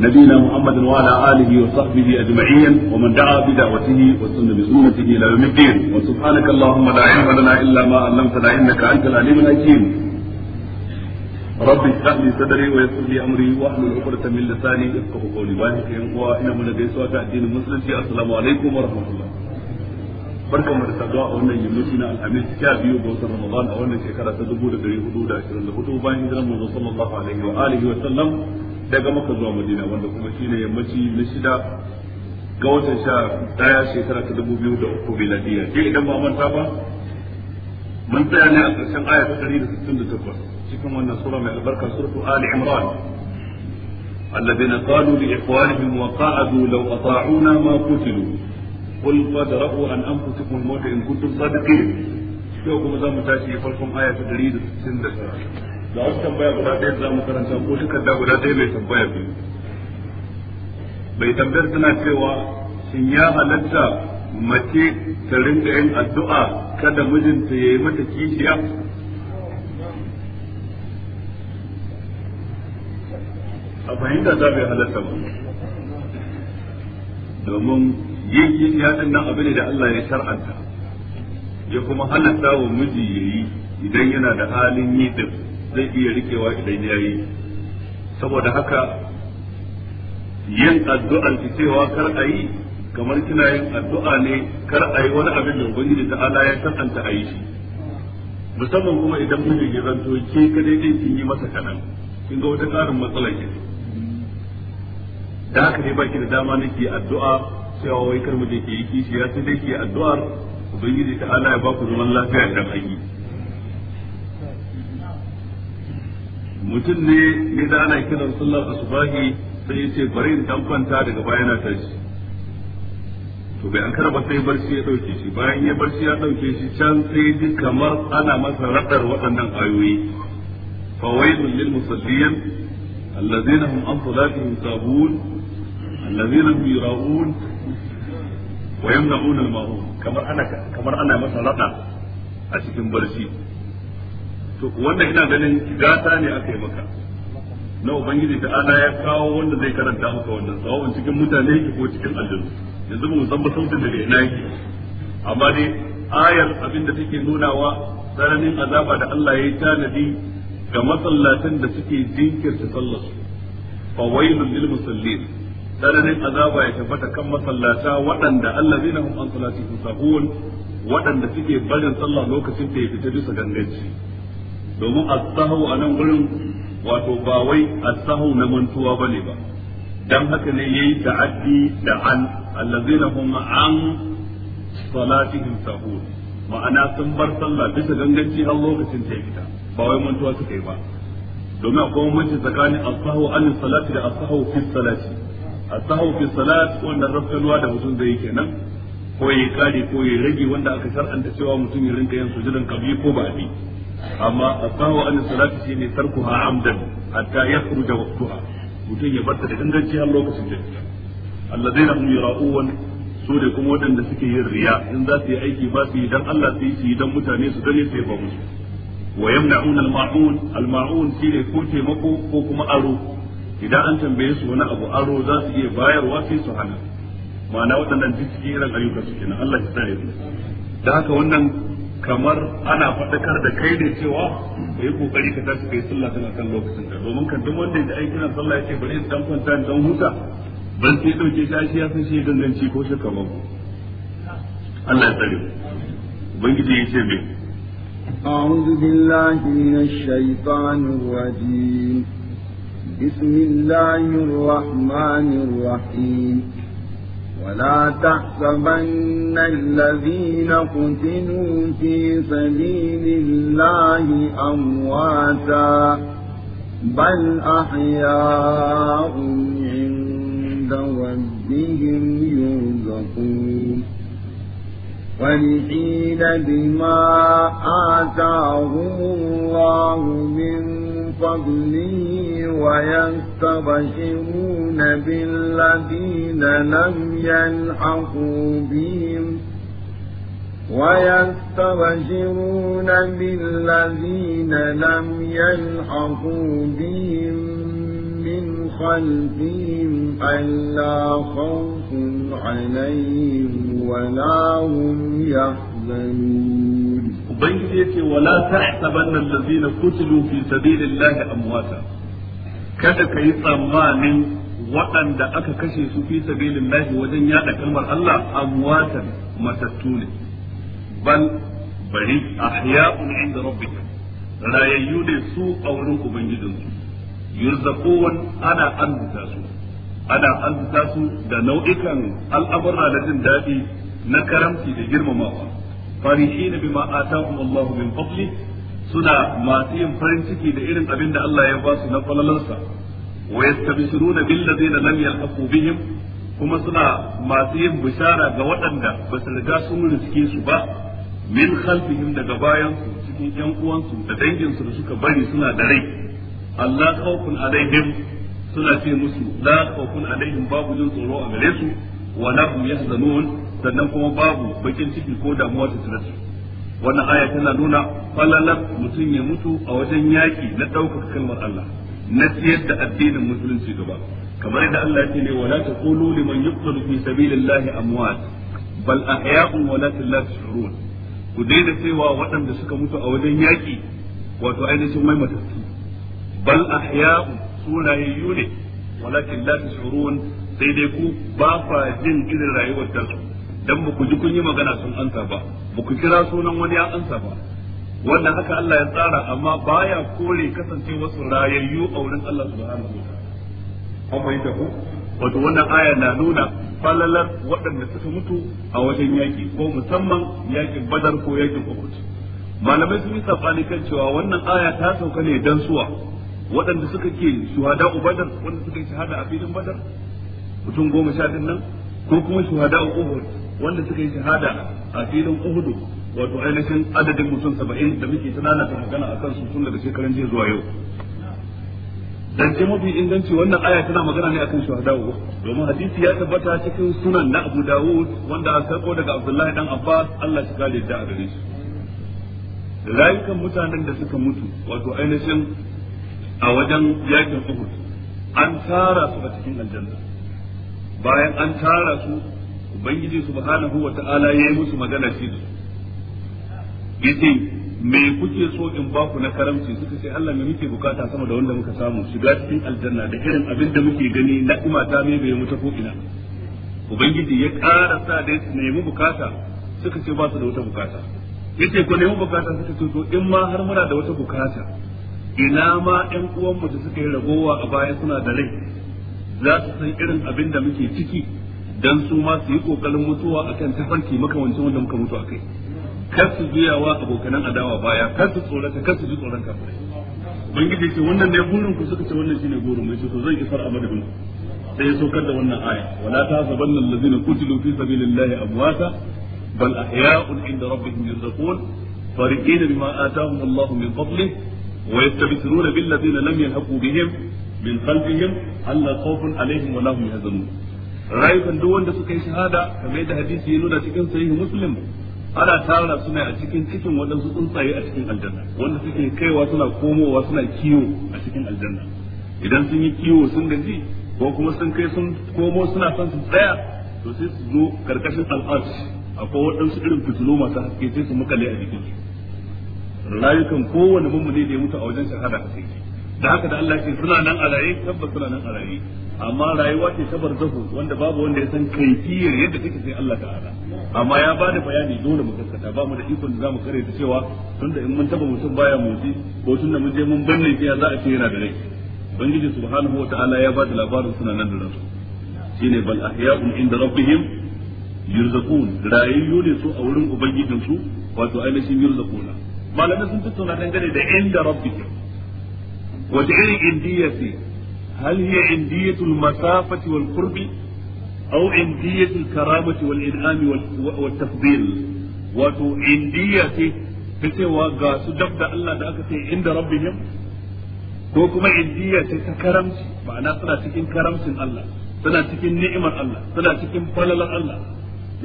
نبينا محمد وعلى آله وصحبه أجمعين ومن دعا بدعوته وسن بسنته إلى يوم الدين وسبحانك اللهم لا علم لنا إلا ما علمتنا إنك أنت العليم الحكيم رب اشرح لي صدري ويسر لي أمري واحلل عقدة من لساني يفقه قولي واحد وإن من غير الدين المسلم السلام عليكم ورحمة الله barka mu da saduwa a wannan yammaci na alhamis sha biyu ga watan ramadan a wannan shekara ta dubu da dari hudu da ashirin da hudu bayan hijiran manzo sallallahu alaihi wa alihi wa sallam daga maka zuwa madina wanda kuma shine yammaci na shida ga watan sha daya shekara ta dubu biyu da uku miladiya sai idan ba manta ba mun tsaya ne a ƙarshen aya ta ɗari da sittin da takwas cikin wannan sura mai albarka suratu ali imran الذين قالوا لإخوانهم وقعدوا لو أطاعونا ما قتلوا قل فادرؤوا عن أنفسكم الموت إن كنتم صادقين يوم ذا متاشي فلكم آية 169 ga wasu tambaya guda ɗaya za mu ko guda ɗaya mai tambaya bai tambayar tana cewa shin ya halatta mace ta rinka yin addu'a kada mijinta ya yi mata kishiya a fahimta ta bai halatta ba domin yin kishiya ɗin nan abu ne da Allah ya shar'anta ya kuma halatta wa miji ya yi idan yana da halin yi zai iya rikewa idan ya yi saboda haka yin addu'an ki cewa kar a yi kamar kina yin addu'a ne kar a yi wani abin da ubangiji ta ala ya kasanta a yi shi musamman kuma idan mijin ya zanto ke kadai dai kin yi masa kanan kin ga wata karin matsala ke da haka ne baki da dama nake addu'a cewa wai kar mijin ki yi kishi ya sai dai ki addu'ar ubangiji ta ala ya ba ku zaman lafiya da kai mutum ne ya da ana kiran sallar asubahi sai ya ce bari in dan kwanta daga baya na tashi to bai an karba sai barci ya dauke shi bayan ya barci ya dauke shi can sai ya ji kamar ana masa radar waɗannan ayoyi fawailun lil musallin allazina hum an salatihim sabun allazina hum yura'un wa yamna'un al-ma'un kamar ana kamar ana masa rada a cikin barci to wanda ina ganin gata ne aka yi maka na ubangiji da ana ya kawo wanda zai karanta maka wannan tsawon cikin mutane yake ko cikin aljanu yanzu ba mu san ba sautin da ina yake amma dai ayar abin da take nunawa tsananin azaba da Allah ya yi tanadi ga masallatan da suke jinkirta sallar su fa wailul lil musallin tsananin azaba ya tabbata kan masallata waɗanda allazina hum an salatihim sahun waɗanda suke barin sallah lokacin da ya fita bisa ganganci domin as-sahwu a nan gurin wato ba wai as-sahwu na mantuwa bane ba Don haka ne ya yi ta'addi da an allazina hum an salatihim sahun ma'ana sun bar sallah bisa ganganci har lokacin ta fita ba wai mantuwa suka yi ba domin akwai mace tsakanin as-sahwu an salati da as-sahwu fi salati as-sahwu fi salat wannan rafkanuwa da mutum zai kenan ko yi kare ko yi rage wanda aka shar'anta cewa mutum ya rinka yin sujudan kabi ko ba abi amma asahu an salati shine tarkuha amdan hatta yakhruja waqtuha mutum ya barta da inganci har lokacin da alladheena hum yura'un su da kuma waɗanda suke yin riya in za su yi aiki ba su yi dan Allah sai su yi dan mutane su gane sai ba musu wa yamna'un al-ma'un al-ma'un shine ko taimako ko kuma aro idan an tambaye su wani abu aro za su iya bayarwa sai su hana ma'ana waɗannan duk cikin irin ayyuka su kenan Allah ya tsare da haka wannan kamar ana faɗakar da kai ne cewa ka yi kokari ka tashi kai sallah tana kan lokacin ka domin kan duk wanda ya ai kiran sallah ce bari dan kwanta dan huta ban sai dauke shi ya san shi danganci ko shi kamar ku. Allah ya tsare ubangiji ce me أعوذ بالله من الشيطان الرجيم بسم الله الرحمن الرحيم ولا تحسبن الذين قتلوا في سبيل الله أمواتا بل أحياء عند ربهم يرزقون فرحين بما آتاهم الله من فضله ويستبشرون بالذين لم يلحقوا بهم ويستبشرون بالذين لم يلحقوا بهم من خلفهم ألا خوف عليهم ولا هم يحزنون ubangiji yace wala tahsabanna allazina qutilu fi a amwata kada ka yi tsammanin waɗanda aka kashe su fi sabilillahi wajen yada kalmar Allah amwatan matattu ne bal bari ahya'un inda rabbika rayayyu ne su a wurin ubangijinsu yurzaqun ana anzuta su ana anzuta su da nau'ikan al'amuran da daɗi na karamci da girmamawa farihin bima atahum Allah min fadli suna masu yin farin ciki da irin abin da Allah ya ba su na falalansa wa yastabshiruna billa zai lam yalhaqu bihim kuma suna masu yin bishara ga waɗanda basu su riga sun riske su ba min khalfihim daga bayansu cikin yan uwansu da danginsu da suka bari suna da rai Allah khawfun alaihim suna ce musu la khawfun alaihim babu jin tsoro a gare su wa la hum yahzanun sannan kuma babu bakin ciki ko damuwa ta tunatu wannan aya tana nuna falalar mutum ya mutu a wajen yaki na ɗaukar kalmar Allah na siyar da addinin musulunci gaba kamar yadda Allah ya ce ne wala taqulu liman yuqtalu fi sabilillahi amwat bal ahya'un walakin la tashurun ku daina cewa waɗanda suka mutu a wajen yaki wato ainihin mai matattu bal ahya'un surayyu ne walakin la tashurun sai dai ku ba fa jin irin rayuwar ta su dan ba ku ji kun yi magana sun ansa ba ba ku kira sunan wani ya ansa ba wannan haka Allah ya tsara amma baya kore kasance wasu rayayyu a wurin Allah subhanahu wa ta'ala amma fahimta ku? wato wannan aya na nuna falalar waɗanda suka mutu a wajen yaƙi ko musamman yaƙin badar ko yaƙin uhud malamai sun yi sabani kan cewa wannan aya ta sauka ne dan suwa waɗanda suka ke shuhada badar wanda suka yi shahada a filin badar mutum goma sha nan ko kuma shuhada uhud wanda suka yi shahada a filin uhudu wato ainihin adadin mutum saba'in da muke tunana ta magana akan kan sun daga shekaran jiya zuwa yau ce mafi inganci wannan aya tana magana ne akan uku, domin hadisi ya tabbata cikin sunan na Abu Dawud wanda a sarko daga Abdullahi dan Abba Allah ya kare da gare shi rayukan mutanen da suka mutu wato ainihin a wajen yakin Uhud an tara su a cikin aljanna bayan an tara su ubangiji subhanahu wa ta'ala yi musu magana shi da yace me kuke so in ba ku na karamci suka ce Allah me muke bukata sama da wanda muka samu shiga cikin aljanna da irin abin da muke gani na kuma ta me bai mutu ko ina ubangiji ya ƙara sa da nemi bukata suka ce ba su da wata bukata yace ku nemi bukata suka ce to in ma har muna da wata bukata ina ma ƴan uwanmu da suka yi ragowa a baya suna da rai za su san irin abin da muke ciki dan su ma su yi kokarin mutuwa akan tafarki makamancin wanda muka mutu akai kar su juyawa abokanan adawa baya kar su tsorata kar su ji tsoron kafirai ubangiji ce wannan ne burin ku suka ce wannan shine burin mai to zan isar a madadin ku sai ya saukar da wannan aya wala ta tahsabanna allazina qutilu fi sabilillahi amwata bal ahya'un inda rabbihim yurzaqun فرحين بما آتاهم الله من فضله ويستبشرون بالذين لم يلحقوا بهم من خلفهم ألا خوف عليهم ولا هم يحزنون rayukan duk wanda suka yi shahada kamar da hadisi ya nuna cikin sahihi muslim ana tara suna a cikin cikin waɗansu tsuntsaye a cikin aljanna wanda suke kaiwa suna komowa suna kiwo a cikin aljanna idan sun yi kiwo sun gaji ko kuma sun kai sun komo suna son su tsaya to sai su zo karkashin al'arsh akwai waɗansu irin fitilu masu haske sai su makale a jikin rayukan kowane mummuni da ya mutu a wajen shahada a cikin da haka da Allah ce suna nan a raye tabbas suna nan a raye amma rayuwa ce ta barzahu wanda babu wanda ya san kaifiyar yadda take sai Allah ta'ala amma ya ba da bayani dole mu kaskata ba mu da ikon da zamu kare ta cewa tunda in mun taba mutum baya motsi ko tunda mun je mun binne fiya za a ce yana da rai ubangiji subhanahu wataala ya ba da labarin suna nan da ransu shine bal ahya'un inda rabbihim yurzaqun rayu ne su a wurin ubangijinsu wato ainihin yurzaquna malamai sun tattauna dangane da inda rabbihim wata irin indiya ce hal hiya indiyatul masafati wal qurbi aw indiyatul karamati wal in'ami wal tafdil wato indiya ce ta cewa ga su dab da Allah da aka ce inda rabbihim ko kuma indiya ce ta karamci ma'ana suna cikin karamcin Allah suna cikin ni'imar Allah suna cikin falalar Allah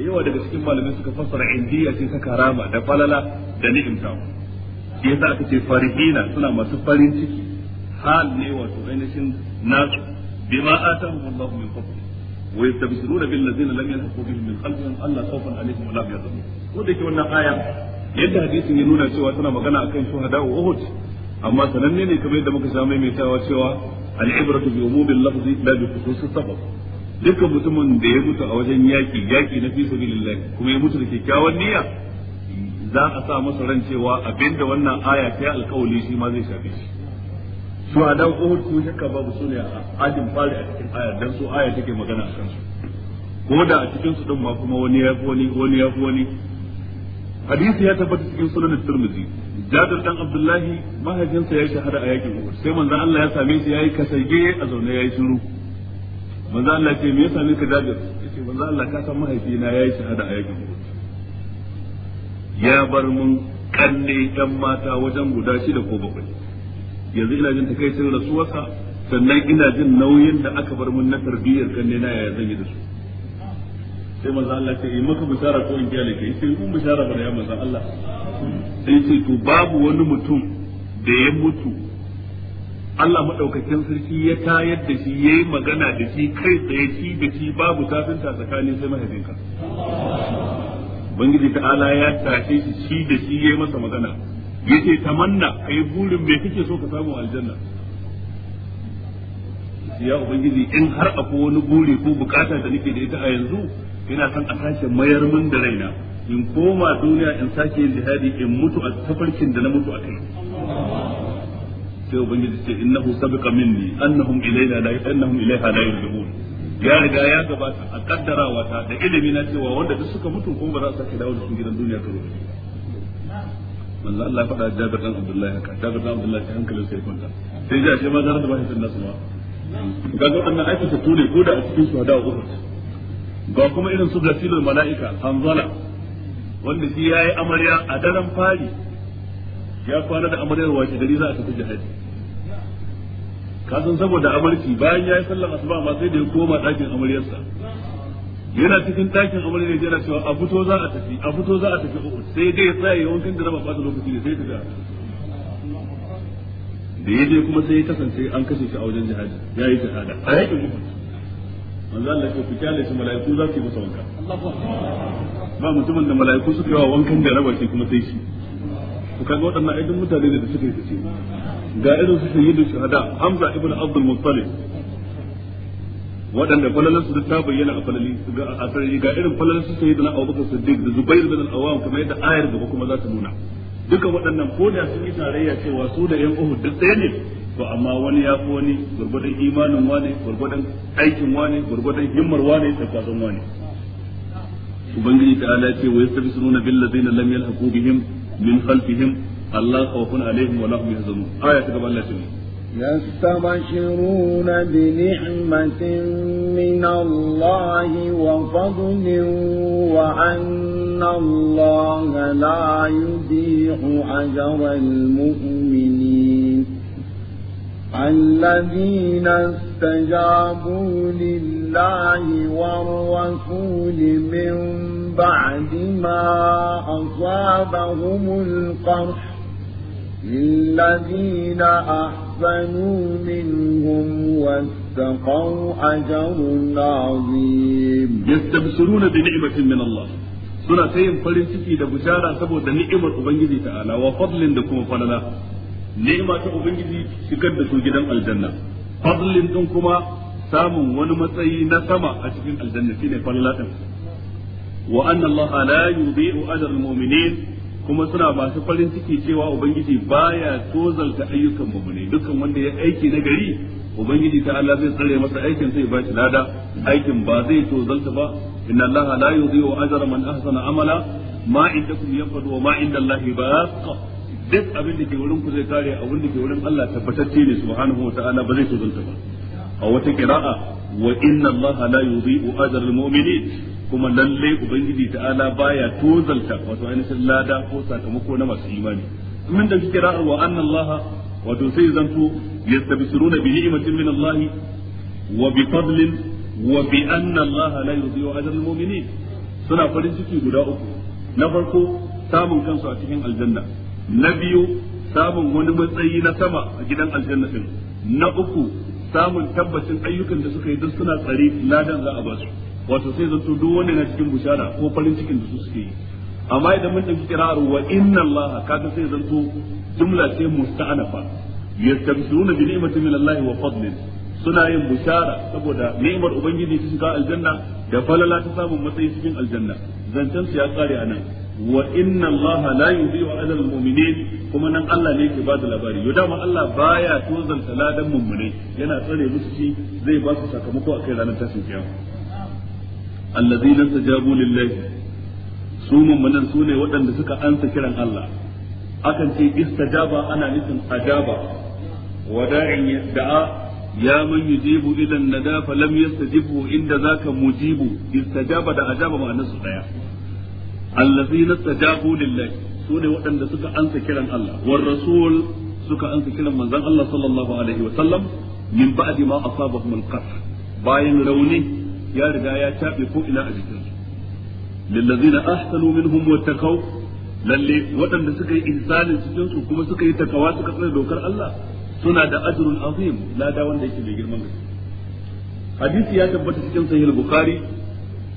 da yawa daga cikin malamai suka fassara indiya ce ta karama da falala da ni'imta shi yasa aka farihina suna masu farin ciki hal ne wato ainihin nasu bima atahum Allah min fadli wa yastabshiruna bil ladzina lam yalhaqu bihim min khalfihim alla khawfan alaihim wa la yahzanun ko da ke wannan aya yadda hadisin ya nuna cewa tana magana akan shuhada wa Uhud amma sananne ne kamar yadda muka sha maimaitawa cewa al-ibratu bi umumil lafzi la bi khususis sabab dukkan mutumin da ya mutu a wajen yaƙi yaƙi na fi sabilillah kuma ya mutu da kyakkyawan niyya za a sa masa ran cewa abinda wannan aya ta alƙawali shi ma zai shafe shi dan uhud ko shakka babu su ne a ajin fari a cikin aya dan su aya take magana a kansu ko da a cikin su din ma kuma wani ya fi wani wani ya fi wani hadisi ya tabbata cikin sunan tirmidhi jabir dan abdullahi mahaifinsa ya shahada a yakin uhud sai manzon Allah ya same shi yayi kasage a zaune yayi shiru manzo Allah ce me ya same ka jabir yace manzo Allah ka san mahaifina yayi shahada a yakin uhud ya bar mun kanne dan mata wajen guda shida ko bakwai yanzu ina jin takaicin rasuwarsa sannan ina jin nauyin da aka bar mun na tarbiyyar kan na yaya zan yi da su sai manzo Allah ce in eh, maka bishara ko in gyale ka sai in bishara bane ya manzo Allah sai ce to babu wani mutum da ya mutu Allah madaukakin sarki ya tayar da shi yayi magana da shi kai tsaye shi da shi babu tafinta tsakanin sai mahaifinka Ubangiji ta'ala ya tashe shi shi da shi yayi masa magana yake tamanna kai burin me kake so ka samu aljanna ya ubangiji in har akwai wani buri ko bukata da nake da ita a yanzu ina son a sake mayar min da raina in koma duniya in sake yin jihadi in mutu a tafarkin da na mutu a kai sai ubangiji ce innahu sabaqa minni annahum ilayna la annahum ilayha la yurjun ya riga ya gabata a kaddarawa ta da ilimi na cewa wanda duk suka mutu kuma ba za su sake dawo da su gidan duniya ta rufe. manzo Allah faɗa Jabir dan Abdullahi haka Jabir dan Abdullahi hankalin sai kwanta sai ya ce ma da rasa bashi sunna sama kaga wannan aikin su tune ko da a cikin su hada Uhud ga kuma irin su gasilul malaika Hanzala wanda shi yayi amarya a daren fari ya fara da amaryar wace gari za a tafi jihadi kasan saboda amarci bayan ya yi sallar asuba ma sai da ya koma ɗakin amaryarsa yana cikin ɗakin amare ne yana cewa a fito za a tafi a fito za a tafi uku sai dai ya tsaya ya wankan da raba fata lokaci ne sai ta da ya je kuma sai ya kasance an kashe shi a wajen jihadi ya yi jihada a eh? yakin uku manzo Allah ke ku kyale shi mala'iku za su yi masa wanka ba mutumin da mala'iku suka yi wa wankan da raba shi kuma sai shi ku kaga waɗannan aidin mutane da suka yi tace ga irin su sayyidu shuhada Hamza ibn Abdul Muttalib waɗanda falalansu duk ta bayyana a falali a sarari ga irin falalansu sai da na abubakar da zubairu da al-awwam kamar yadda ayar gaba kuma za ta nuna duka waɗannan ko da sun yi tarayya cewa su da yan uhud duk ɗaya ne to amma wani ya fi wani gurgurdan imanin wane gurgurdan aikin wane gurgurdan himmar wane da kwasan wane ubangiji ta ala ce wa yastabisuna bil ladina lam yalhaqu bihim min khalfihim Allah khawfun alaihim wa lahum yahzanun aya ta gaba Allah ce يستبشرون بنعمة من الله وفضل وأن الله لا يضيع أجر المؤمنين الذين استجابوا لله والرسول من بعد ما أصابهم القرح للذين أحبوا أحسنوا منهم واتقوا أجر عظيم يستبشرون بنعمة من الله suna ta yin farin ciki da bishara saboda ni'imar ubangiji ta'ala wa fadlin da kuma falala ni'ima ta ubangiji shigar da su gidan aljanna fadlin din kuma samun wani matsayi na sama a cikin aljanna shine falala muminin kuma suna masu farin ciki cewa ubangiji baya tozalta ayyukan mu mumune dukkan wanda ya aiki na gari ubangiji ta Allah zai tsare masa aikin sai ba shi lada aikin ba zai tozalta ba inna Allah la yudhi'u ajra man ahsana amala ma indakum yafadu wa ma inda Allah baqa duk abin da ke wurin ku zai kare abin da ke wurin Allah tabbatacce ne subhanahu wa ta'ala ba zai tozalta ba a wata kira'a wa inna allaha la yudhi'u ajra almu'minin kuma lalle ubangiji ta'ala baya tozalta wato ainihin lada ko sakamako na masu imani min da kira'a wa anna allaha wato sai zanto yastabsiruna bi ni'matin min allahi wa bi fadlin wa bi anna allaha la yudhi'u ajra almu'minin suna farin ciki guda uku na farko samun kansu a cikin aljanna na biyu samun wani matsayi na sama a gidan aljanna din na uku samun tabbacin ayyukan da suka yi duk suna tsare ladan za a ba su wato sai zanto duk wanda na cikin bushara ko farin cikin da su suke yi amma idan mun ɗauki kirar wa inna allaha kaga sai zanto jumla sai musta'anafa yastabshiruna bi ni'matin min allahi wa fadlin suna yin bushara saboda ni'imar ubangiji ta shiga aljanna da falala ta samun matsayi cikin aljanna zancen su ya tsare anan wa inna allaha la yudhi'u ajra al-mu'minin kuma nan Allah ne ke ba da labari yau dama Allah baya tozalta dan mummune yana tsare musu shi zai ba su sakamako kai ranar tashin kiyama allazina tajabu lillahi su mummunan su ne waɗanda suka ansa kiran Allah akan ce istajaba ana nufin ajaba wada'in da'a يا من يجيب إلى الندى فلم يستجبه إن ذاك مجيب استجاب دا أجاب ما نسو allazina tajabu lillahi sune waɗanda suka kiran Allah war rasul suka ansa rauni ya riga ya tabe ko ina a jikin lillazina ahsanu minhum wattaqaw lalle waɗanda suka yi ihsanin takawa suka tsare dokar Allah suna da ajrun azim lada wanda yake mai ya tabbata cikin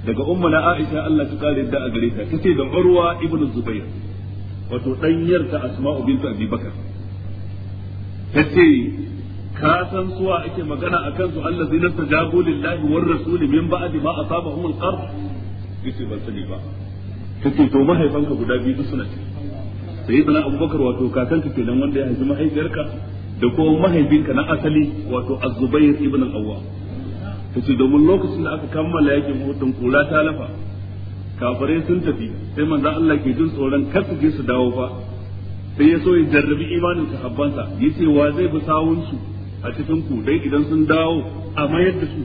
daga ummuna aisha Allah ta kare da a gare ta tace da urwa ibn zubair wato danyar ta asma'u bint abi bakar tace ka san suwa ake magana akan su Allah zai nasta jago lillahi war rasul min ba'di ma asabahum al-qard yace ban sani ba tace to mahaifanka guda biyu suna ce sayyidina abubakar wato kakanka kenan wanda ya haifi mahaifiyarka da kuma mahaifinka na asali wato az-zubair ibn awwam yace domin lokacin da aka kammala yakin hutun kula ta lafa kafirai sun tafi sai manzo Allah ke jin tsoron kar su je su dawo fa sai ya so ya jarrabi imanin sahabbansa yace wa zai bi sawun su a cikin ku dai idan sun dawo a mayar da su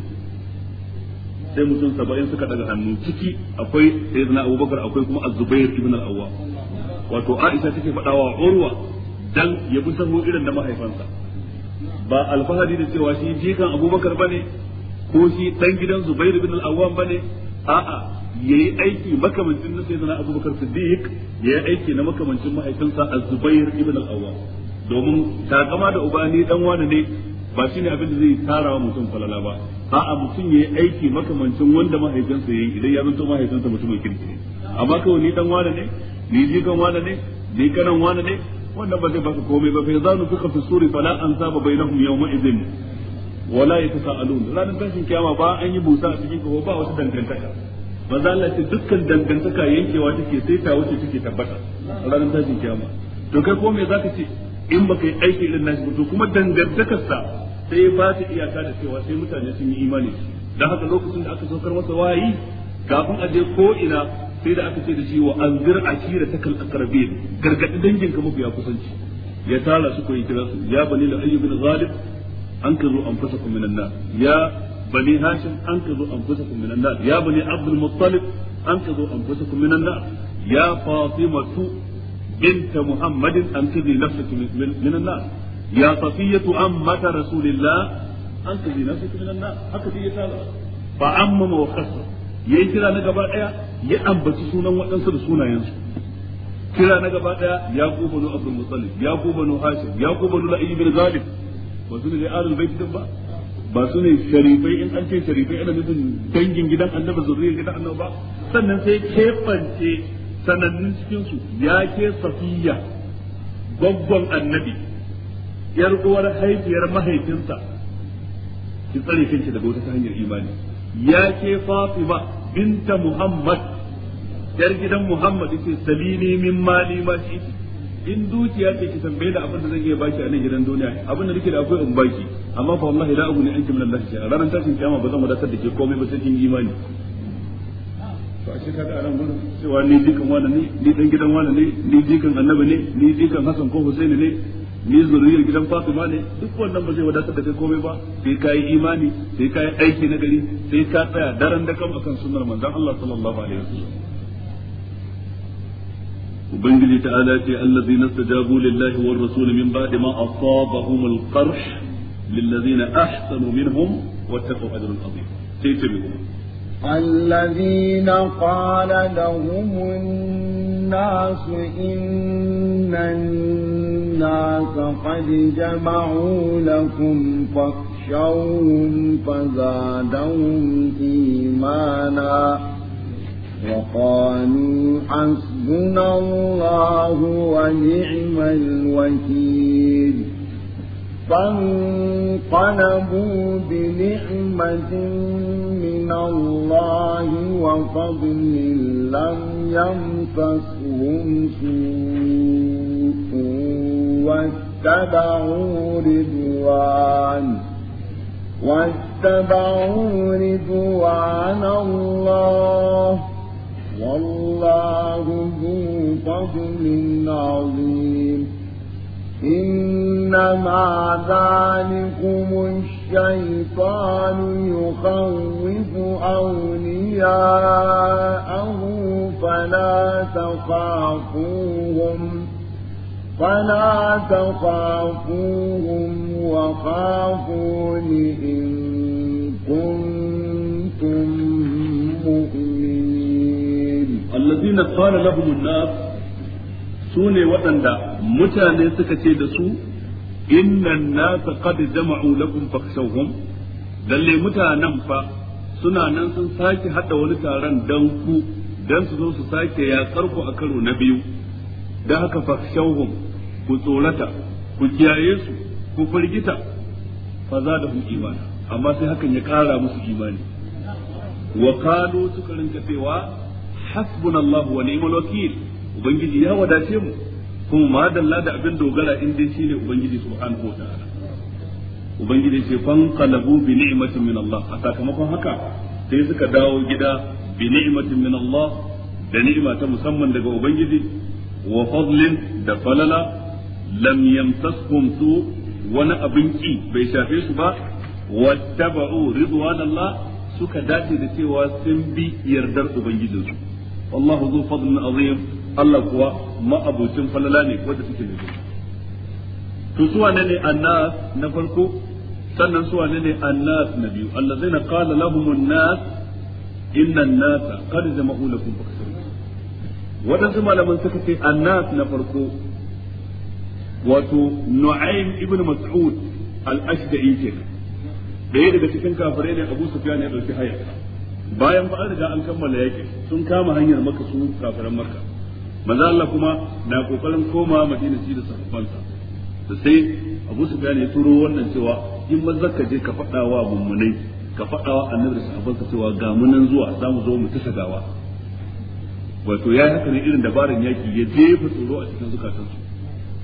sai mutum saba'in suka daga hannu ciki akwai sai sayyidina Abubakar akwai kuma azubair ibn al-Awwa wato Aisha take faɗa wa Urwa dan ya bi sahu irin da mahaifansa ba alfahari da cewa shi jikan Abubakar bane ko shi dan gidan Zubair bin al-Awwam bane a'a yayi aiki makamancin na sayyidina Abubakar Siddiq yayi aiki na makamancin mahaifinsa Az-Zubair ibn al-Awwam domin takama da uba ne dan wani ne ba shine abin da zai tarawa mutum falala ba a'a mutum yayi aiki makamancin wanda mahaifinsa yayi idan ya zanto mahaifinsa mutumin kirki amma kawai ni dan wani ne ni jikan wani ne ni kanan wani ne wannan ba zai baka komai ba fa zanu fika fi suri fala saba bainahum yawma idhin wala ta ranar tashin kiyama ba an yi busa a cikin kaho ba wata dangantaka manzo Allah ce dukkan dangantaka yankewa take sai ta wuce take tabbata ranar tashin kiyama to kai ko me zaka ce in baka yi aiki irin nashi to kuma dangantakarsa sai ba ta iyaka da cewa sai mutane sun yi imani da haka lokacin da aka saukar masa wayi kafin a je ko ina sai da aka ce da shi wa a ashira takal aqrabin gargadi danginka mafiya kusanci ya tara su ko yi kira su ya bani da ayyubin zalim أنقذوا أنفسكم من النار يا بني هاشم أنقذوا أنفسكم من النار يا بني عبد المطلب أنقذوا أنفسكم من النار يا فاطمة بنت محمد أنقذي نفسك من النار يا صفية أمة رسول الله أنقذي نفسك من النار هكذا يتابع فأمم وخسر yayi kira na gaba daya ya ambaci sunan waɗansu da sunayensu kira na gaba daya ya ko banu abdul muttalib ya ko banu hashim ya ko banu la'i bin ghalib ba su ne arin bai ba ba su ne sharifai in an ce sharifai ana nufin dangin gidan annabi zuriyar gidan annabi ba sannan sai kebance sanannun cikin su ya ke safiya gwaggon annabi yar uwar haifiyar mahaifinsa ki tsare kanki daga wata hanyar imani ya ke fatima binta muhammad yar gidan muhammad ce salimi min mali ma shi in dukiya ce ki tambaye da abin da zan iya baki a nan gidan duniya abin da nake da akwai in baki amma fa wallahi la aghni anki min Allah shay'a ranar tashin kiyama ba zan wadatar da ke komai ba sai kin imani to a shekar da ran gurin cewa ni dukan wani ne ni dan gidan wani ne ni dukan annabi ne ni dukan Hassan ko Husaini ne ni zuriyar gidan Fatima ne duk wannan ba zai wadatar da kai komai ba sai kai imani sai kai aiki na gari sai ka tsaya daren da kan akan sunnar manzon Allah sallallahu alaihi wasallam وبنجلي تعالى الذين استجابوا لله والرسول من بعد ما أصابهم القرح للذين أحسنوا منهم واتقوا أجر عظيم تيتمهم الذين قال لهم الناس إن الناس قد جمعوا لكم فاخشوهم فزادهم إيمانا وقالوا حسنا حسبنا الله ونعم الوكيل فانقلبوا بنعمة من الله وفضل لم يمسسهم سوء واتبعوا رضوان واتبعوا رضوان الله والله ذو فضل عظيم إنما ذلكم الشيطان يخوف أولياءه فلا تخافوهم فلا تخافوهم وخافون إن كنتم allazina qala lahum an-nas sune waɗanda mutane suka ce da su inna an-nas qad jama'u lakum fakhshawhum mutanen fa suna nan sun sake haɗa wani taron dan ku dan su zo su sake ya ku a karo na biyu da haka fakhshawhum ku tsorata ku kiyaye su ku firgita fa za da imana amma sai hakan ya kara musu imani wa qalu suka rinka hasbunallahu wa ni'mal wakil ubangiji ya wadace mu kuma ma da abin dogara in dai shine ubangiji subhanahu wa ta'ala ubangiji ce fan qalabu bi ni'matin min Allah a sakamakon haka sai suka dawo gida bi ni'matin min Allah da ni'ima ta musamman daga ubangiji wa fadlin da falala lam yamtaskum wani abin ki bai shafe su ba wattaba'u ridwanallah suka dace da cewa sun bi yardar ubangijinsu wallahu zu fadlin azim Allah kuwa ma'abucin falala ne wanda suke da to su wane ne annas na farko sannan su wane ne annas na biyu allazina qala lahum an-nas inna an-nas qad jama'u lakum fakshuru wadansu malaman suka ce annas na farko mas'ud al-ashda'i kenan daga cikin kafirai ne Abu Sufyan ya ɗauki hayar bayan ba an riga an kammala yakin sun kama hanyar maka su kafiran maka manzo Allah kuma na kokarin koma Madina shi da sahabbansa da sai Abu Sufyan ya turo wannan cewa in maza ka je ka faɗa wa mummunai ka faɗa wa annabi da sahabbansa cewa ga munan zuwa za mu zo mu tasa gawa wato ya haka ne irin dabaran yaki ya jefa tsoro a cikin zukatansu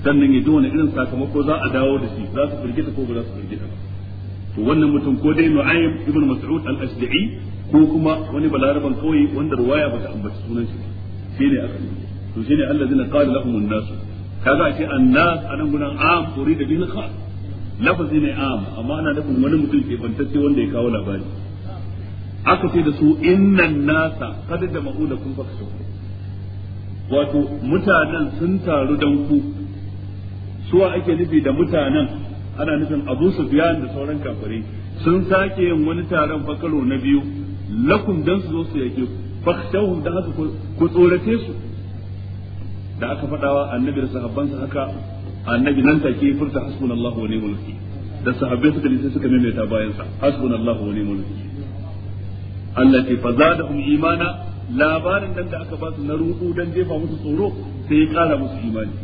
sannan ya ji wani irin sakamako za a dawo da shi za su firgita ko ba za su firgita ba to wannan mutum ko dai Nu'aym ibn Mas'ud al-Asdi'i ko kuma wani balaraban kawai wanda ruwaya ba ta ambaci sunan shi shi ne aka to shi ne Allah allazina qala mun nasu. nas kaga a ce an a anan gunan am kuri da bin kha lafazi ne am amma ana nufin wani mutum ke bantacce wanda ya kawo labari aka ce da su innan nasa kada da ma'ula kun fa kasu wato mutanen sun taru dan ku suwa ake nufi da mutanen ana nufin Abu Sufyan da sauran kafirai sun sake yin wani taron fakaro na biyu Lakun dan su zo su yake ku fakhshawhum da haka ku tsorace su da aka fadawa annabi da sahabbansa haka annabi nan take furta hasbunallahu wa ni'mal wakeel da sahabbai suka lissa suka maimaita bayan sa hasbunallahu wa ni'mal wakeel Allah ke fazadahum imana labarin nan da aka ba su na rudu dan jefa musu tsoro sai ya kara musu imani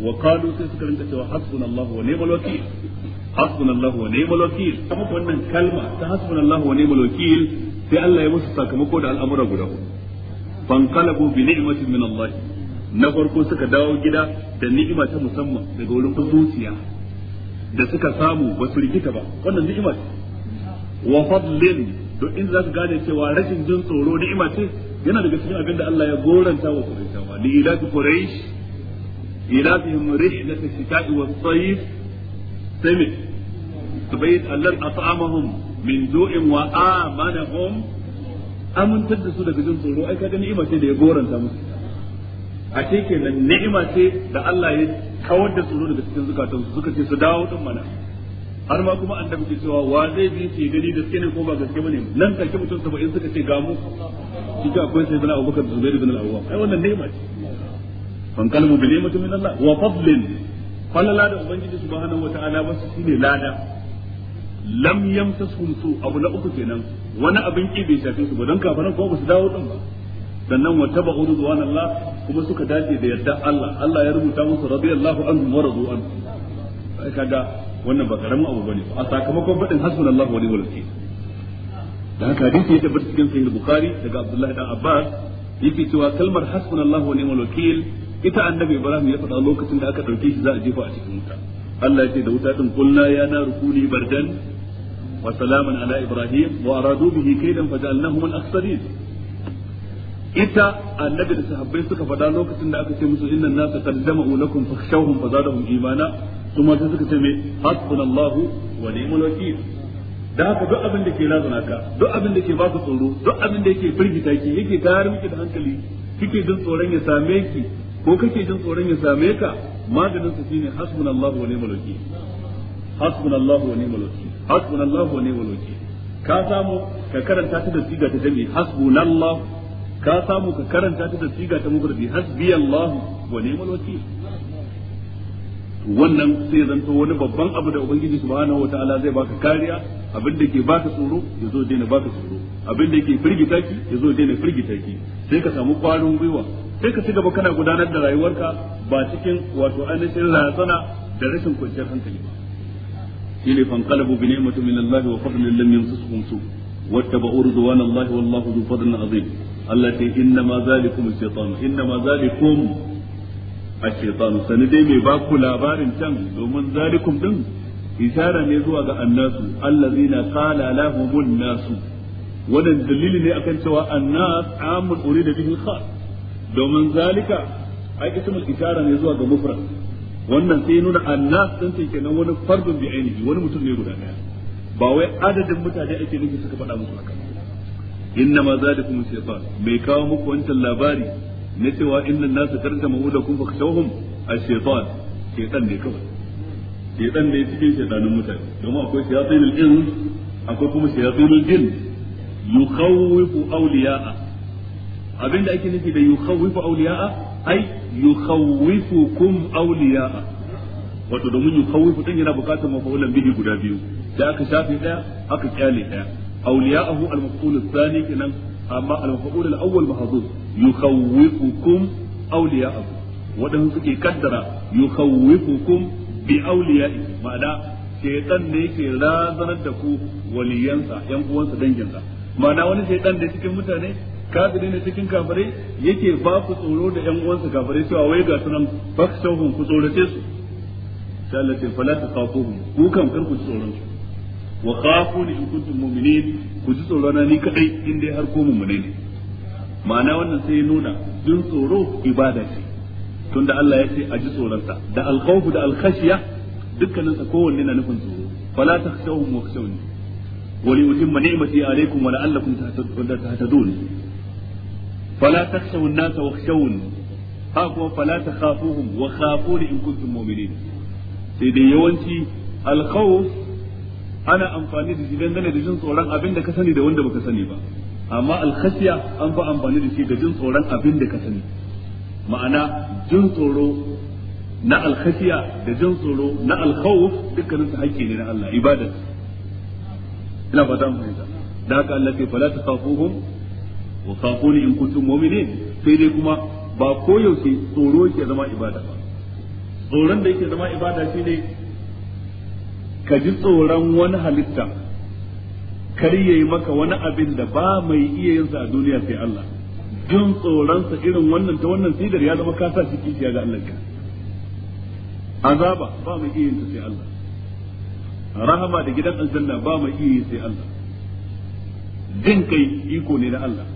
wa qalu sai suka rinka cewa hasbunallahu wa ni'mal wakeel hasbunallahu wa ni'mal wakeel kuma wannan kalma ta hasbunallahu wa ni'mal wakeel sai Allah ya musu sakamako da al'amura guda hudu fanqalabu bi ni'matin min Allah na farko suka dawo gida da ni'ima ta musamman daga wurin zuciya da suka samu ba su rikita ba wannan ni'ima ce wa fadlin to in za ka gane cewa rashin jin tsoro ni'ima ce yana daga cikin abin da Allah ya goranta wa Qurayshawa li ilafi Quraysh ilafihim rihlat ash-shita'i was-sayf sami tabayyin allan at'amahum min du'in wa amanahum amintar da su daga jin tsoro ai kaga ni'ima ce da ya goranta musu a ce kenan ni'ima ce da Allah ya kawar da tsoro daga cikin zukatansu suka ce su dawo din mana har ma kuma an ke cewa wa zai bi ce gani da ne ko ba gaske bane nan take mutum 70 suka ce ga mu ga akwai sai bana Abubakar Zubairu bin al awwa ai wannan ni'ima ce fan kalmu bi ni'matin min Allah wa fadlin falala da ubangiji subhanahu wataala ba su shine lada lam yamtasum su abu na uku kenan wani abin ki bai shafe su ba don kafaran ko ba su dawo din ba sannan wa taba ridwan Allah kuma suka dace da yadda Allah Allah ya rubuta musu radiyallahu anhu wa radu an kaga wannan ba karamin abu bane a sakamakon fadin hasbunallahu wa ni'mal wakeel da haka hadisi ya tabbata cikin sahih bukhari daga abdullahi dan abbas yake cewa kalmar hasbunallahu wa ni'mal wakeel ita annabi ibrahim ya faɗa lokacin da aka dauke shi za a jefa a cikin wuta Allah ya ce da wuta din kullu ya na rukuni bardan وسلام على إبراهيم وأرادوا به كيدا فجعلناهم الأخسرين ita annabi da sahabbai suka faɗa lokacin da aka ce musu inna nasa qad jama'u lakum fakhshawhum fazadahum imana kuma sai suka da haka duk abin da ke lazana ka duk abin da ke baka tsoro duk abin da yake firgita ki yake tayar miki da hankali kike jin tsoron ya same ki ko kake jin tsoron ya same ka maganin su shine hasbunallahu wa ni'mal wakeel hasbunallahu wa ni'mal wakeel hasbunallahu wa ni'mal wakeel ka samu ka karanta ta da siga ta jami'i hasbunallahu ka samu ka karanta ta da siga ta mufradi hasbiyallahu wa ni'mal wakeel wannan sai zanto wani babban abu da ubangiji subhanahu wataala zai baka kariya abin da ke baka tsoro ya zo daina baka tsoro abin da ke firgita ki ya zo daina firgita ki sai ka samu kwarin gwiwa sai ka ci gaba kana gudanar da rayuwarka ba cikin wato ainihin razana da rashin kwanciyar hankali ba shine fanqalabu bi ni'mati min Allah wa fadlin lam yamsusuhum su wattaba'u ridwan Allah wallahu dhu fadlin azim Allah ta inna ma zalikum shaytan inna ma zalikum ash-shaytan sani dai mai ba ku labarin can domin zalikum din isara ne zuwa ga annasu allazina qala lahumun nasu wannan dalili ne akan cewa annas amul urida bihi khas domin zalika ai ismul isara ne zuwa ga mufrad wannan sai nuna annas din sai kenan wani fardun bi ainihi wani mutum ne guda daya ba wai adadin mutane ake nufi suka faɗa musu haka inna ma zalikum shaytan mai kawo muku wancan labari na cewa inna nasu karta ma'udakum fakshawhum ash-shaytan shaytan ne kawai shaytan ne cikin shaytanin mutane domin akwai shayatinul ins akwai kuma shayatinul jinn yukhawwifu awliya'a abinda ake nufi da yukhawwifu awliya'a ai yukhawwifukum awliya'a wato domin yukhawwifu din yana bukatar mafaulan bihi guda biyu da aka shafi daya aka kyale daya awliya'ahu al-maf'ul ath-thani kenan amma al-maf'ul al-awwal mahdhuf yukhawwifukum awliya'ahu wadan suke kaddara yukhawwifukum bi awliya'i ma'ana shaytan ne yake razanar da ku waliyansa yan uwansa sa ma'ana wani shaytan da cikin mutane kafire ne cikin kafirai yake ba ku tsoro da yan uwansa kafirai cewa wai ga sunan fakshahum ku tsorace su sai Allah ce fala takhafuhum ku kan kar ku tsoron su wa khafuni in kuntum mu'minin ku ji tsoro na ni kadai in dai har ko mu'mine ne ma'ana wannan sai ya nuna jin tsoro ibada ce tunda Allah ya ce a ji tsoronsa da alkhawfu da alkhashiya dukkaninsa kowanne na nufin tsoro fala mu ne takhshawhum wakhshawni ولأتم نعمتي عليكم ولعلكم تهتدون fala takhshaw an-nas wakhshawni ha kuma fala takhafuhum wa in kuntum mu'minin sai dai yawanci al ana amfani da shi dangane da jin tsoron abin da ka sani da wanda baka sani ba amma al-khashiya an fa da shi ga jin tsoron abin da ka sani ma'ana jin tsoro na alkhashiya da jin tsoro na alkhawf dukkanin su ne na Allah ibada ina fahimta Allah fala wa khafuni in kuntum mu'minin sai dai kuma ba koyaushe tsoro yake zama ibada ba tsoron da yake zama ibada shine ka ji tsoron wani halitta kar yayi maka wani abin da ba mai iya yin sa a duniya sai Allah jin tsoronsa irin wannan ta wannan sidar ya zama kasa shi kishiya ga Allah ka azaba ba mai iya yin sai Allah rahama da gidan aljanna ba mai iya sai Allah jin kai iko ne na Allah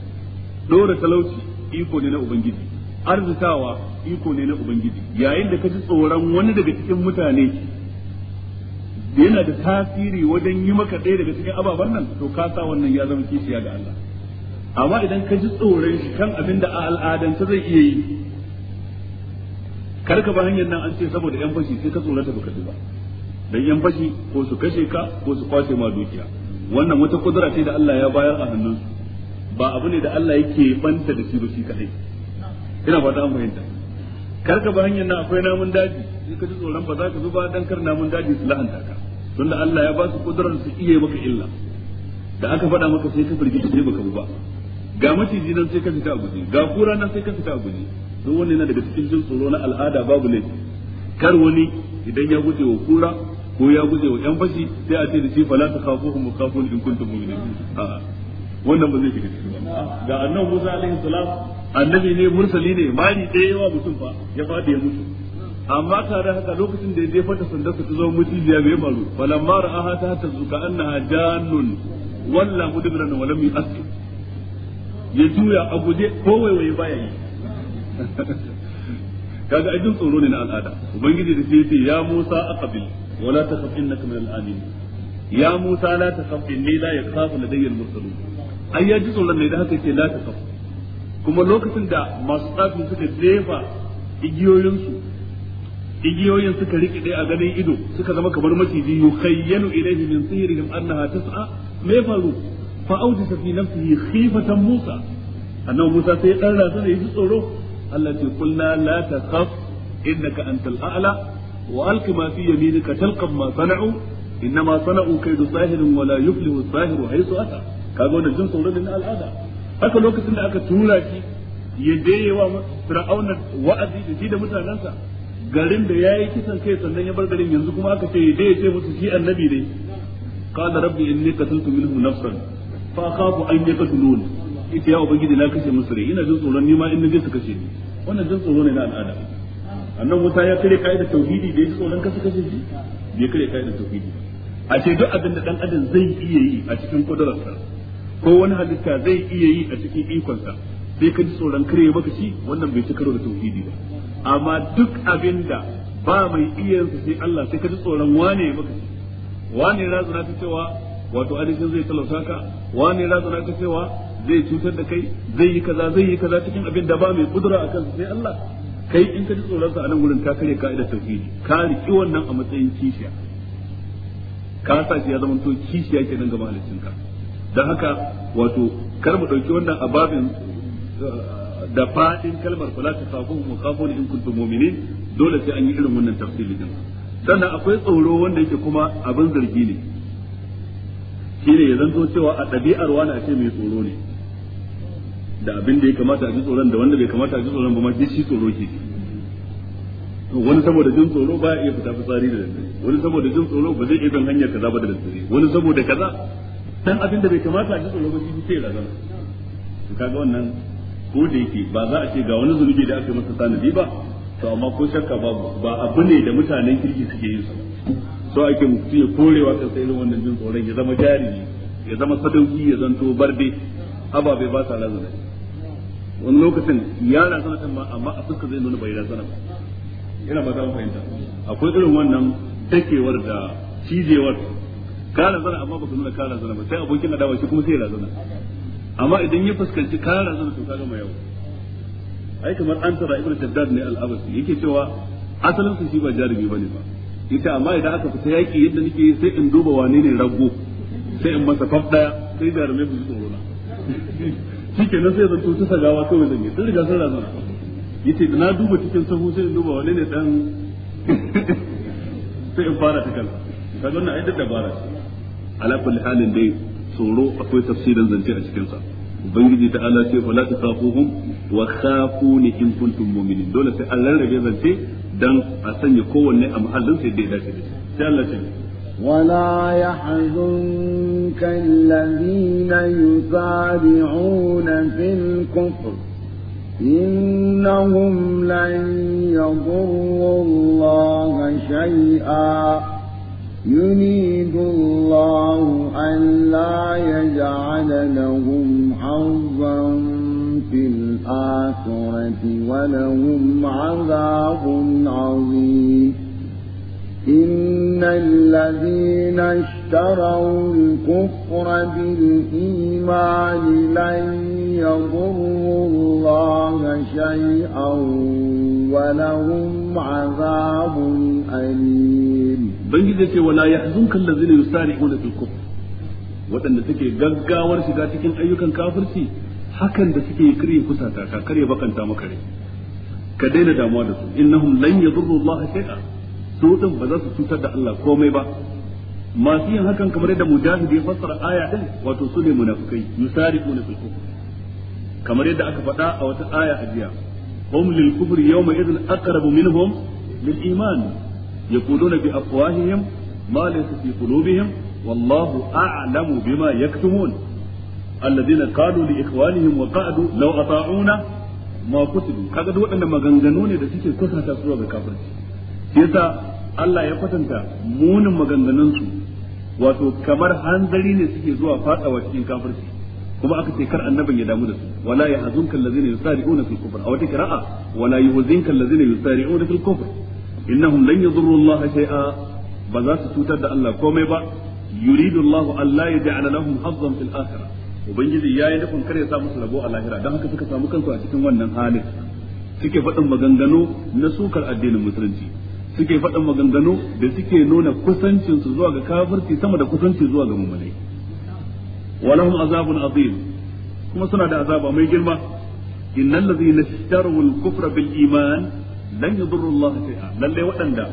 dora talauci iko ne na ubangiji arzikawa iko ne na ubangiji yayin da ka ji tsoron wani daga cikin mutane yana da tasiri wajen yi maka ɗaya daga cikin ababen nan to ka sa wannan ya zama kishiya ga Allah amma idan ka ji tsoron shi kan abin da a al'adance zai iya yi kar ka ba hanyar nan an ce saboda yan fashi sai ka tsorata baka ji ba dan yan fashi ko su kashe ka ko su kwace ma dukiya wannan wata kudura ce da Allah ya bayar a hannunsu ba abu ne da Allah yake banta da shi ba shi kadai ina ba da fahimta kar ka ba hanyar na akwai namun daji in ka ji tsoron ba za ka zo ba dan kar namun daji su la'anta ka da Allah ya ba su kudurar su iya maka illa da aka faɗa maka sai ka bi sai baka ba ga maciji nan sai ka fita a guje ga kura nan sai ka fita a guje duk wani yana daga cikin jin tsoro na al'ada babu laifi kar wani idan ya guje wa kura ko ya guje wa yan fashi sai a ce da shi fala ta khafuhum wa khafun in kuntum mu'minin a'a wannan ba zai shiga ciki ba ga annabi Musa alaihi salam annabi ne mursali ne mali ɗaya yawa mutum fa ya fadi ya mutu amma tare haka lokacin da ya jefa ta sandar ta zama mucijiya bai faru falamma ra'aha ta hatta zuka annaha jannun walla mudibran wa lam yu'assi ya juya a guje ko waiwaye baya yi kaga ajin tsoro ne na al'ada ubangiji da sai ce ya Musa aqbil wala takhaf innaka min al-amin ya Musa la takhaf inni la yakhafu ladayya al-mursalun ai ya ji tsoron ne da haka ce la ta kuma lokacin da masu tsafin suka jefa igiyoyinsu igiyoyin suka ɗaya a ganin ido suka zama kamar maciji yukhayyalu ilayhi min sihrihim annaha tas'a me faru fa awjasa fi nafsihi khifatan musa annabi musa sai dan rasa da yaji tsoro Allah ce kulna la takhaf innaka antal a'la wa alqi ma fi yaminika talqab ma sana'u innama sana'u kaydu sahirin wa la yuflihu as-sahiru haythu ata kaga wannan jin tsoron na al'ada haka lokacin da aka tura shi ya daye wa fir'auna wa'azi da shi da mutanensa garin da yayi kisan kai sannan ya bar garin yanzu kuma aka ce ya daye ce musu shi annabi ne qala rabbi inni qataltu minhum nafsan fa khafu an yaqtulun ita ya ubangiji na kashe musu rai ina jin tsoron ni ma in naje su kashe ni wannan jin tsoro ne na al'ada annan Musa ya kare kai da tauhidi da ya tsoron kasu kashe shi bai kare kai da tauhidi a ce duk abin da dan adam zai iya yi a cikin kudurarsa ko wani halitta zai iya yi a cikin ikonsa sai ka ji tsoron kare maka shi wannan bai ci karo da tauhidi ba amma duk abin da ba mai iya yansa sai Allah sai ka ji tsoron wane ya maka shi wane razana ta cewa wato alishin zai talauta ka wane razana ta cewa zai cutar da kai zai yi kaza zai yi kaza cikin abin da ba mai kudura a kansa sai Allah kai in ka ji tsoron sa a nan gurin ka kare ka'idar tauhidi ka riki wannan a matsayin kishiya ka sa shi ya zama to kishiya kenan ga mahaliccin ka don haka wato kar mu ɗauki wannan ababin eh, da fadin kalmar fala ta kafu mu kafu in kuntum mu'minin dole sai an yi irin wannan tafsiri din sannan akwai tsoro wanda yake kuma abin zargi ne Shi ne ya zanto cewa a ɗabi'ar wani a ce mai tsoro ne da abin da ya kamata a ji tsoron da wanda bai kamata a ji tsoron ba ma shi tsoro ke wani saboda jin tsoro ba ya iya fita fitsari da daddare wani saboda jin tsoro ba zai iya bin hanyar kaza ba da daddare wani saboda kaza dan abin da bai kamata a ji tsoro ba shi sai razana to kaga wannan ko da yake ba za a ce ga wani zunubi da aka masa sanadi ba to amma ko shakka babu ba abu ne da mutanen kirki suke yin su so ake mutum ya korewa kan sai irin wannan jin tsoron ya zama jari ya zama sadauki ya zanto barde ababe ba sa lazana wani lokacin ya razana kan ma amma a fuska zai nuna bai razana ba ina ba mu fahimta akwai irin wannan dakewar da cijewar kara zana amma baka nuna kara zana ba sai abokin adawa shi kuma sai ya amma idan ya fuskanci kara zana to kaga mai yawa ai kamar an tara ibnu shaddad ne al-abasi yake cewa asalin su shi ba jarumi bane ba ita amma idan aka fita yaki yadda nake sai in duba wane ne rago sai in masa kaf daya sai jarumai bu tsoro na nan sai zan tuta sagawa kawai zan yi sai riga san razana yace da na duba cikin sahu sai in duba wane ne dan sai in fara ta kansa kaga wannan ai dabara ce ala kulli halin dai tsoro akwai tafsirin zance a cikin sa ubangiji ta ala ce wala takhafuhum wa khafuni in kuntum mu'minin dole sai an rarrabe zance dan a sanya kowanne a mahallin sai dai dace sai Allah ce ولا يحزنك الذين يسارعون في الكفر إنهم لن يضروا الله شيئا يريد الله ألا يجعل لهم حظا في الآخرة ولهم عذاب عظيم إن الذين اشتروا الكفر بالإيمان لن يضروا الله شيئا ولهم عذاب أليم bangiji ce wala yahzunka allazina yusari'una fil kufr waɗanda suke gaggawar shiga cikin ayyukan kafirci hakan da suke kiri kusata ka kare bakanta maka rai ka daina damuwa da su innahum lan yadurru Allah shay'a su din ba za su cutar da Allah komai ba masu yin hakan kamar yadda mujahid ya fassara aya din wato su ne munafikai yusari'una fil kufr kamar yadda aka faɗa a wata aya a jiya hum lil kufri yawma idhin aqrabu minhum lil iman yaquluna bi afwahihim ma laysa fi qulubihim wallahu a'lamu bima yaktumun alladhina qalu li ikhwanihim wa qa'du law ata'una ma kutibu kaga duk waɗannan maganganu ne da suke ga Allah ya kwatanta munin maganganunsu. wato kamar hanzari ne suke zuwa fadawa cikin kafirci kuma aka ce kar annabin ya damu da su wala yahzunka allazina yusari'una fil kufr aw tikra'a wala yuhzinka allazina yusari'una fil kufr innahum lan yadurru Allah shay'a ba za su cutar da Allah komai ba yuridu Allah an la yaj'ala lahum hazzan fil akhirah ubangiji yayi nufin kare sa musu rabo a lahira dan haka suka samu kansu a cikin wannan halin suke faɗin maganganu na sukar addinin musulunci suke faɗin maganganu da suke nuna kusancin su zuwa ga kafirci sama da kusanci zuwa ga mummunai walahum azabun azim kuma suna da azaba mai girma innal na ishtaru al-kufra bil iman lan yadurru Allah shay'a lalle waɗanda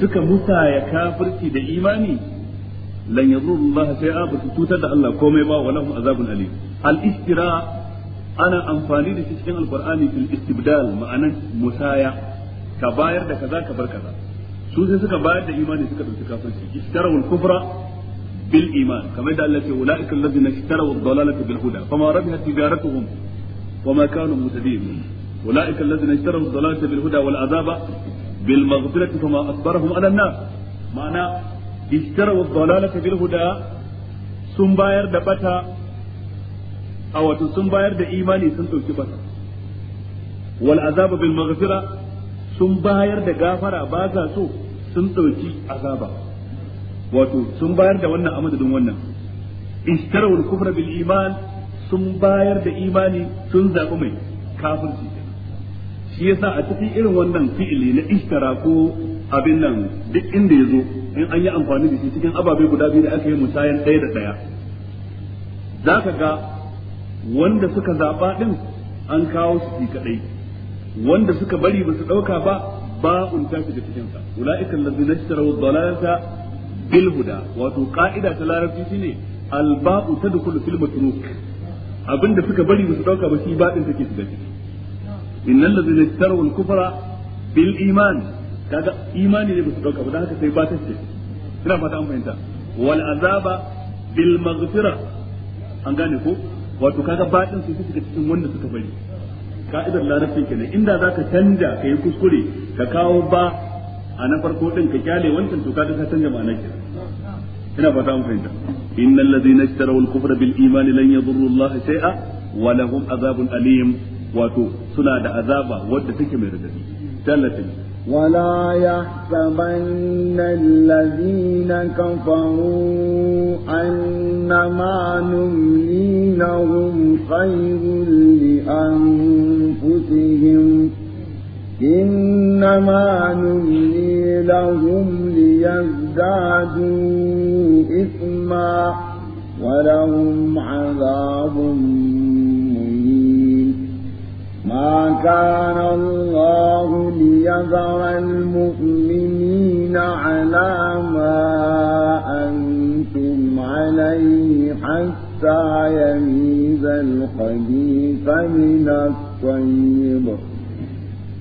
suka musaya kafirci da imani lan yadurru Allah shay'a ba su cutar da Allah komai ba wa lahum azabun alim al-istira ana amfani da shi cikin alqur'ani fil istibdal ma'anan musaya ka bayar da kaza ka bar kaza su sai suka bayar da imani suka dauki kafirci istarawul kufra bil iman kamar da Allah ya ce ulaika allazina ishtaraw ad-dalalata bil huda fama rabihat tijaratuhum wama kanu mutadin أولئك الذين اشتروا الضلالة بالهدى والعذاب بالمغفرة فما أصبرهم على النار معنى اشتروا الضلالة بالهدى sun bayar da bata a wato sun bayar da imani sun ɗauki bata wal azaba bil maghfira sun bayar da gafara ba za so sun ɗauki azaba wato sun bayar da wannan a madadin wannan istarawul kufra bil iman sun bayar da imani sun zaɓi mai kafirci shi yasa a cikin irin wannan fi'ili na ishtara ko abin nan duk inda ya zo in an yi amfani da shi cikin ababe guda biyu da aka yi musayan ɗaya da ɗaya za ka ga wanda suka zaɓa ɗin an kawo su shi kaɗai wanda suka bari ba su ɗauka ba ba ba'un ta da cikinsa ula'ika allazina ishtaraw dalalata bil huda wato ƙa'ida ta larabci shine al ba'u tadkhulu fil matruk abinda suka bari ba su ɗauka ba shi ba'in take shiga ciki innal ladzina ishtaru al-kufra bil iman kaga imani ne basu dauka ba dan haka sai ba tace ina fata an fahimta wal azaba bil an gane ko wato kaga batin su suka cikin wanda suka bari ka'idar larabcin kenan inda za ka canja ka yi kuskure ka kawo ba a na farko din ka kyale wancan to kaga ka canja ma'ana kenan ina fata an fahimta innal ladzina ishtaraw al-kufra bil iman lan yadurru Allah shay'a wa lahum adhabun alim wato suna da azaba wadda take mai radadi talatin wala ya sabanna alladhina kafaru annama numli lahum khayrun li anfusihim إنما نملي لهم ليزدادوا إثما ولهم عذاب ما كان الله ليذر المؤمنين على ما أنتم عليه حتى يميز الخبيث من الطيب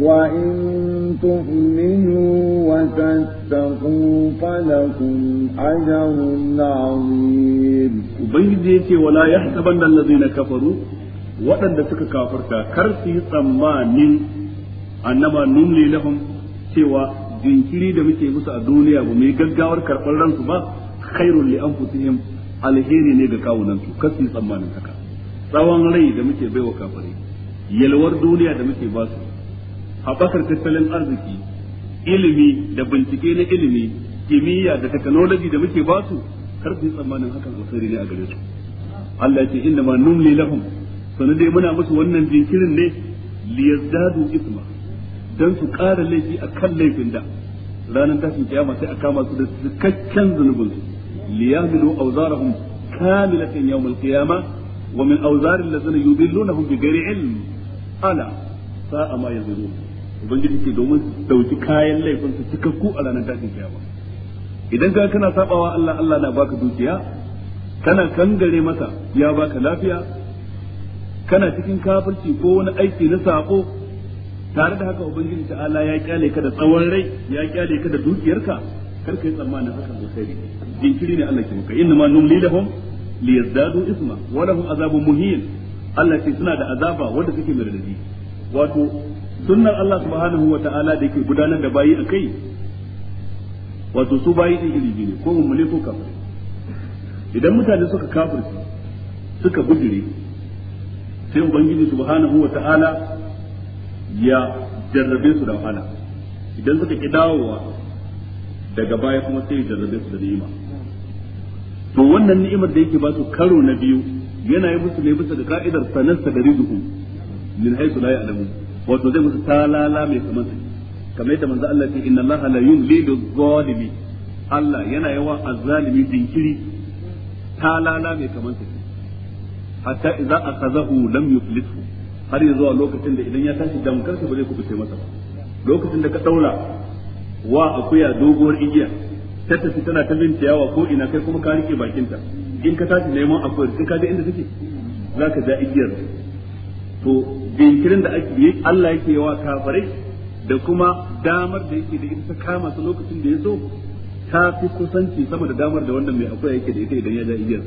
وإن تؤمنوا وتتقوا فلكم أجر عظيم وبيجيتي ولا يحسبن الذين كفروا waɗanda suka kafarta kar su yi tsammanin annama numli lahum cewa jinkiri da muke musu a duniya ba mai gaggawar karɓar ransu ba khairul li anfusihim alheri ne ga kawunan su kar su tsammanin haka tsawon rai da muke baiwa kafare yalwar duniya da muke ba su haɓakar tattalin arziki ilimi da bincike na ilimi kimiyya da technology da muke ba su kar tsammanin hakan alkhairi ne a gare su Allah ce inda ma numli lahum sanan dai muna musu wannan jinkirin ne liyazdadu isma dan su ƙara laifi akan laifin da ranar tashin kiyama sai a kama su da cikakken zunubin su liyahmilu awzarahum kamilatan yawm qiyama wa min awzari allazina yudillunahum bighayri ilm ala sa'a ma yazurun ubangiji ce domin dauki kayan laifin su cikakku a ranar tashin kiyama idan ka kana sabawa Allah Allah na baka dukiya kana kangare masa ya baka lafiya kana cikin kafirci ko wani aiki na sako tare da haka ubangiji ta'ala ya kyale ka da tsawon rai ya kyale ka da dukiyarka kar kai tsammanin haka ko sai jinkiri ne Allah ke maka inna ma numli lahum liyazdadu isma wa lahum azabun muhin Allah ce suna da azaba wanda suke mirdadi wato sunnar Allah subhanahu wa ta'ala da yake gudanar da bayi a kai wato su bayi din iri ne ko mummune ko kafirai idan mutane suka kafirci suka bujire sai ubangiji subhanahu wa ta'ala ya jarrabe su da wahala idan suka ki dawowa daga baya kuma sai ya jarrabe su da ni'ima to wannan ni'imar da yake ba su karo na biyu yana yi musu ne bisa ga ka'idar sanarsa da rizuhu min haythu la ya'lamun wato zai musu talala mai kamar su kamar yadda manzo Allah ya ce inna Allah la yudlilu zalimi Allah yana yawan azzalimi dinkiri talala mai kamar su hatta idza akhadahu lam yuflithu har yanzu a lokacin da idan ya tashi damkar ba zai kubuce masa ba lokacin da ka daura wa akuya doguwar igiya ta tafi tana ta bin ciyawa ko ina kai kuma ka rike bakinta in ka tashi neman akuya sai ka je inda take zaka ja igiyar to jinkirin da ake yi Allah yake yawa kafirai da kuma damar da yake da ita ta kama su lokacin da ya so ta fi kusanci sama da damar da wannan mai akwai yake da ita idan ya ja igiyar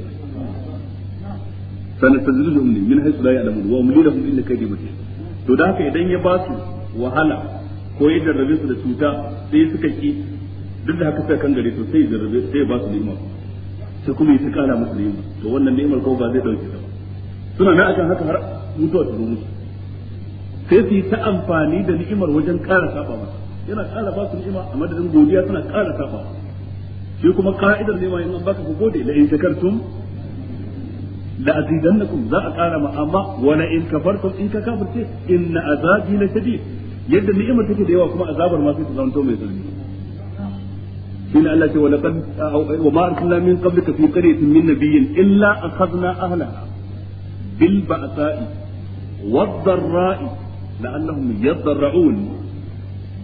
sana taziluhum ne min haythu la ya'lamun wa umlilahum illa kaydi matin to da haka idan ya ba su wahala ko ya jarrabe su da cuta sai suka ki duk da haka sai kan gare to sai jarrabe sai ya ba su ni'ima sai kuma ya ta kara musu ni'ima to wannan ni'imar ko ba zai dauke ta ba suna na akan haka har mutuwa ta zo musu sai su yi ta amfani da ni'imar wajen ƙara saba masa yana ƙara ba su ni'ima a madadin godiya suna ƙara saba shi kuma ka'idar ne ma in an baka ku gode la in shakartum la azidannakum za a ƙara ma amma wala in kafartum in ka kafirce inna azabi la shadid yadda ni'imar take da yawa kuma azabar ma sai ta zanto mai tsanani shine Allah ce wala qad wa ma arsalna min qablika fi qaryatin min nabiyyin illa akhadna ahlaha bil ba'sa'i والضراء لعلهم يضرعون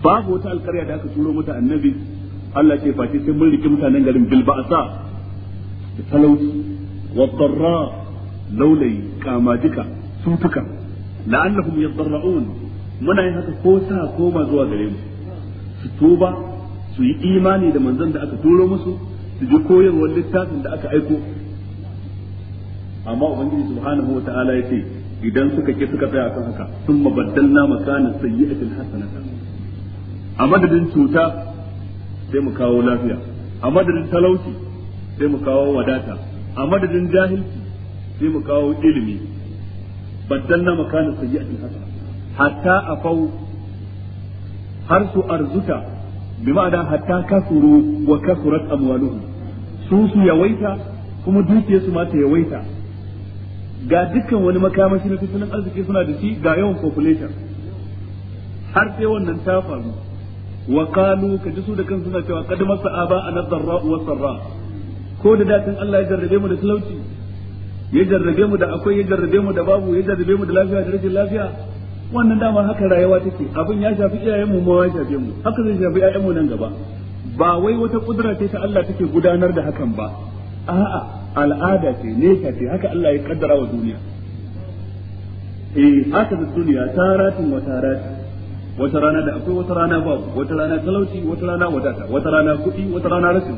babu wata alkarya da aka turo mata annabi Allah ce face sai mun rike mutanen garin bilba'asa da talauci wa laulai kamajika sutuka la'annahum yadarraun muna yi haka ko sa koma zuwa gare mu su tuba su yi imani da manzon da aka turo musu su ji koyarwar littafin da aka aiko amma ubangiji subhanahu wa ta'ala ya ce idan suka ke suka tsaya akan haka sun mabaddalna makanin sayyi'atil hasanata a madadin cuta sai mu kawo lafiya a madadin talauci sai mu kawo wadata a madadin jahilci sai mu kawo ilimi baddalna makanin sayyi'atil hasanata hatta afau har su arzuta bi ma'ana hatta kasuru wa kasurat amwaluhu, su su yawaita kuma dukiyarsu ma ta yawaita ga dukkan wani makamashi na tattalin arziki suna da shi ga yawan population har sai wannan ta faru wa qalu ka ji su da kansu suna cewa qad masaba ana darra wa sarra ko da datin Allah ya jarrabe mu da talauci ya jarrabe mu da akwai ya jarrabe mu da babu ya jarrabe mu da lafiya da rashin lafiya wannan dama haka rayuwa take abin ya shafi iyayen mu ma ya shafi mu haka zai shafi iyayen mu nan gaba ba wai wata kudura ce ta Allah take gudanar da hakan ba a'a al'ada ce ne ce haka Allah ya kaddara wa duniya eh haka da duniya taratin wa tarati. wata rana da akwai wata rana ba wata rana talauci wata rana wadata wata rana kuɗi wata rana rashin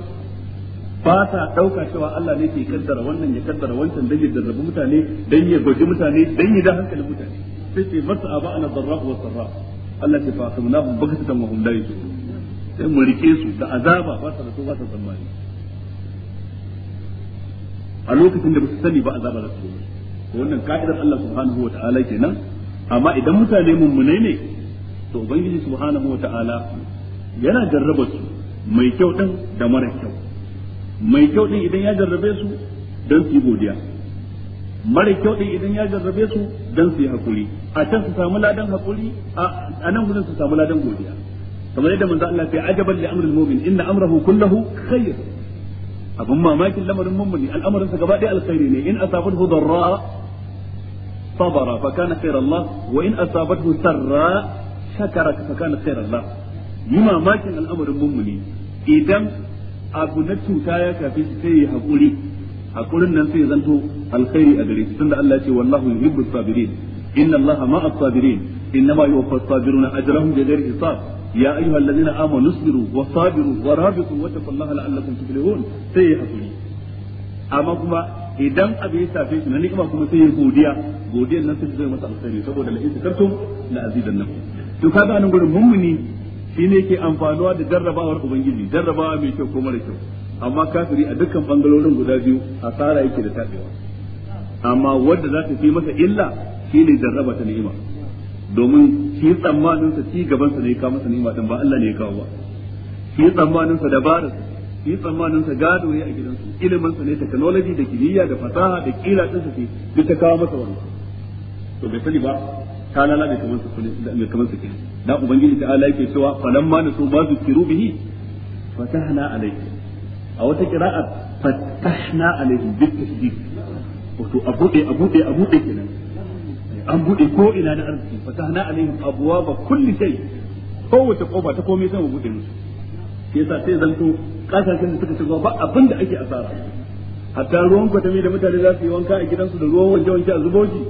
ba ta ɗauka cewa Allah ne ke kaddara wannan ya kaddara wancan dan ya jarrabi mutane dan ya goji mutane dan ya da hankali mutane sai ce masa aba ana darra wa sarra Allah ce fa akamnahum baghtatan wa hum la yashurun sai mu rike su da azaba ba ta da so ba ta tsammani a lokacin da ba su sani ba azaba za su zo wannan ka'idar Allah subhanahu wata'ala kenan amma idan mutane mummunai ne to ubangiji subhanahu wata'ala yana jarraba su mai kyau din da mara kyau mai kyau din idan ya jarrabe su dan su yi godiya mara kyau din idan ya jarrabe su dan su yi hakuri a can su samu ladan hakuri a nan gudun su samu ladan godiya kamar yadda manzo Allah ya ajaban li amril mu'min inna amrahu kullahu khair abin mamakin lamarin mummuni al'amarin sa gaba ɗaya alkhairi ne in asabathu darra sabara fa kana khairan Allah wa in asabathu sarra shakara fa kana khairan Allah yi mamakin al'amarin mummuni idan abu na cuta ya kafi shi sai ya haƙuri haƙurin nan sai ya zanto alkhairi a gare shi tunda Allah ya ce wallahu yuhibbus sabirin inna Allah ma'a sabirin inna ma yuwaffa sabiruna ajrahum bi hisab ya ayyuha allazina amanu isbiru wa sabiru wa rabitu wa taqullaha la'allakum tuflihun sai ya hakuri amma kuma idan abu ya safe na ni'ima kuma sai ya godiya godiyar nan sai zai masa asari saboda la'in shakartum la azidannakum to kaga anan gurin mummuni shi ne ke amfanuwa da jarrabawar ubangiji jarrabawa mai kyau ko mara kyau amma kafiri a dukkan bangarorin guda biyu asara yake da tabewa amma wanda za ta fi masa illa shi ne jarraba ta ni'ima domin shi tsammanin sa ci gaban sa ne ka masa ni'ima din ba Allah ne ya kawo ba shi tsammanin sa dabarar shi tsammanin sa gado ya a gidansu ilimin sa ne technology da kimiyya da fasaha da kila din sa ce duk ta kawo masa wannan to bai sani ba ta lalabe kamar sa ne kuma su kenan da ubangiji ta Allah yake cewa falamma nasu ba kiru bihi fatahna alayhi a wata qira'at fatahna alayhi bi tasdiq wato a bude a bude a bude kenan an bude ko ina na arziki fatahna alaihim ba kulli shay kowace kofa ta komai sai mu bude musu yasa sai zanto kasashen da suka shiga ba abin da ake asara hatta ruwan kwatami da mutane za su yi wanka a gidansu da ruwan wanke wanke a zuboji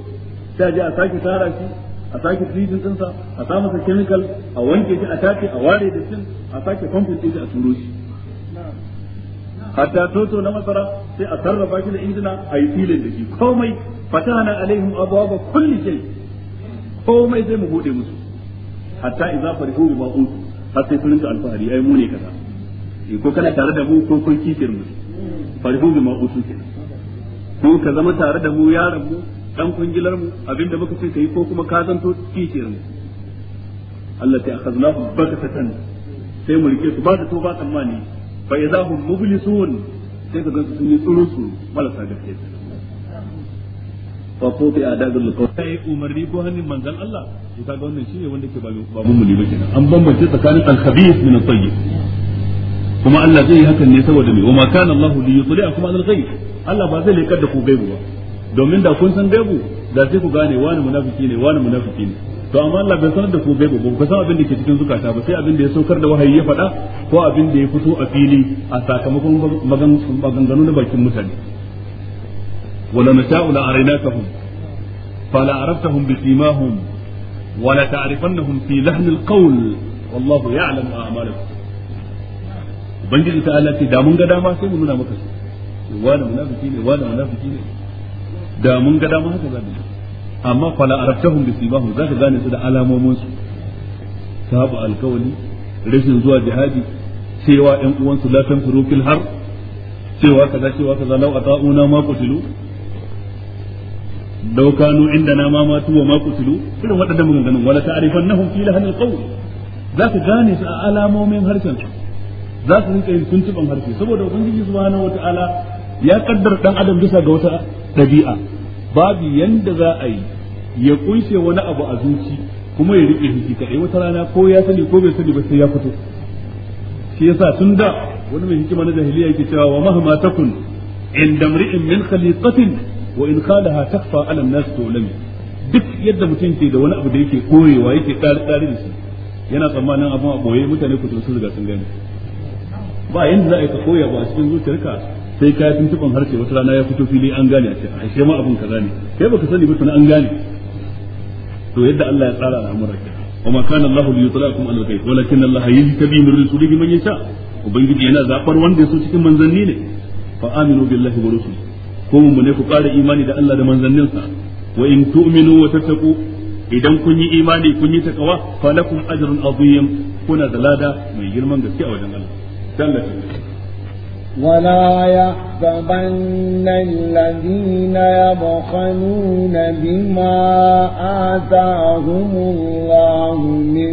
sai je a sake tsara shi a sake firijin dinsa a sa chemical a wanke shi a tace a ware da shi a sake kwamfuta shi a turo shi hatta toto na masara sai a sarrafa shi da injina a yi filin da shi komai fatahna alaihim abwaaba kulli shay komai sai mu bude musu hatta idza farihu bima utu har sai sun alfahari ai mu ne kaza eh, ko kana tare da mu ko kun kifir mu farihu bima utu kenan ko ka zama tare da mu ya rabu dan kungilar mu abinda muka ce kai ko kuma ka zanto kifir mu Allah ta akhadnahu bakatan sai mu rike ba da toba tsammani fa mublisun sai ka gansu sun fa futi adabul qawl sai umarni ko hannun manzon Allah to kaga wannan shine wanda ke ba ba ba kenan an bambance tsakanin al khabith min al tayyib kuma Allah zai yi hakan ne saboda me wa ma kana Allah li kuma al ghaib Allah ba zai lekar da ku gaibu ba domin da kun san gaibu da sai ku gane wani munafiki ne wani munafiki ne to amma Allah bai sanar da ku gaibu ba ku san abin da ke cikin zukata ba sai abin da ya saukar da wahayi ya faɗa ko abin da ya fito a fili a sakamakon maganganu na bakin mutane ولو نشاء لأريناكهم فلا عرفتهم بسيماهم ولا تعرفنهم في لحن القول والله يعلم أعمالكم ubangiji ta Allah ce da mun ga dama sai mu nuna maka su wani munafiki ne wani munafiki ne da mun ga dama haka zabi amma fala araftahum bi za zaka gane su da alamomin su sabu alkawali rashin zuwa jihadi cewa ɗan uwansu la tanfiru fil har cewa kaza cewa kaza law ata'una ma qutilu law kanu indana ma matu wa ma qutilu irin waɗannan maganganun wala ta'rifannahum fi lahanil qawl za ka gane su a alamomin harshen su za su yin tuntuban harshe saboda ubangiji subhanahu wata'ala ya kaddara dan adam bisa ga wata dabi'a babu yanda za a yi ya kunshe wani abu a zuci kuma ya rike jiki kaɗai wata rana ko ya sani ko bai sani ba sai ya fito shi yasa tun da wani mai hikima na jahiliya yake cewa wa mahma takun inda mri'in min khaliqatin wa in khalaha takfa ala nas tulami duk yadda mutum ke da wani abu da yake koyewa yake tsari tsari da shi yana tsammanin abin a boye mutane ku sun riga sun gani ba yanda za a yi ka koya ba a cikin zuciyarka sai ka yi tuntuɓin harshe wata rana ya fito fili an gane a ce a shi ma abin kaza ne kai baka sani ba tuna an gane to yadda Allah ya tsara al'amuran ka وما كان الله ليطلعكم على الغيب ولكن الله يجتبي من رسوله من يشاء وبنجي yana zabar wanda yaso cikin manzanni ne fa aminu billahi wa rusulihi ko mu ne ku ƙara imani da Allah da manzanninsa wa in tu'minu wa tattaqu idan kun yi imani kun yi takawa fa lakum ajrun azim kuna da lada mai girman gaske a wajen Allah tallafi ولا يحسبن الذين يبخلون بما آتاهم الله من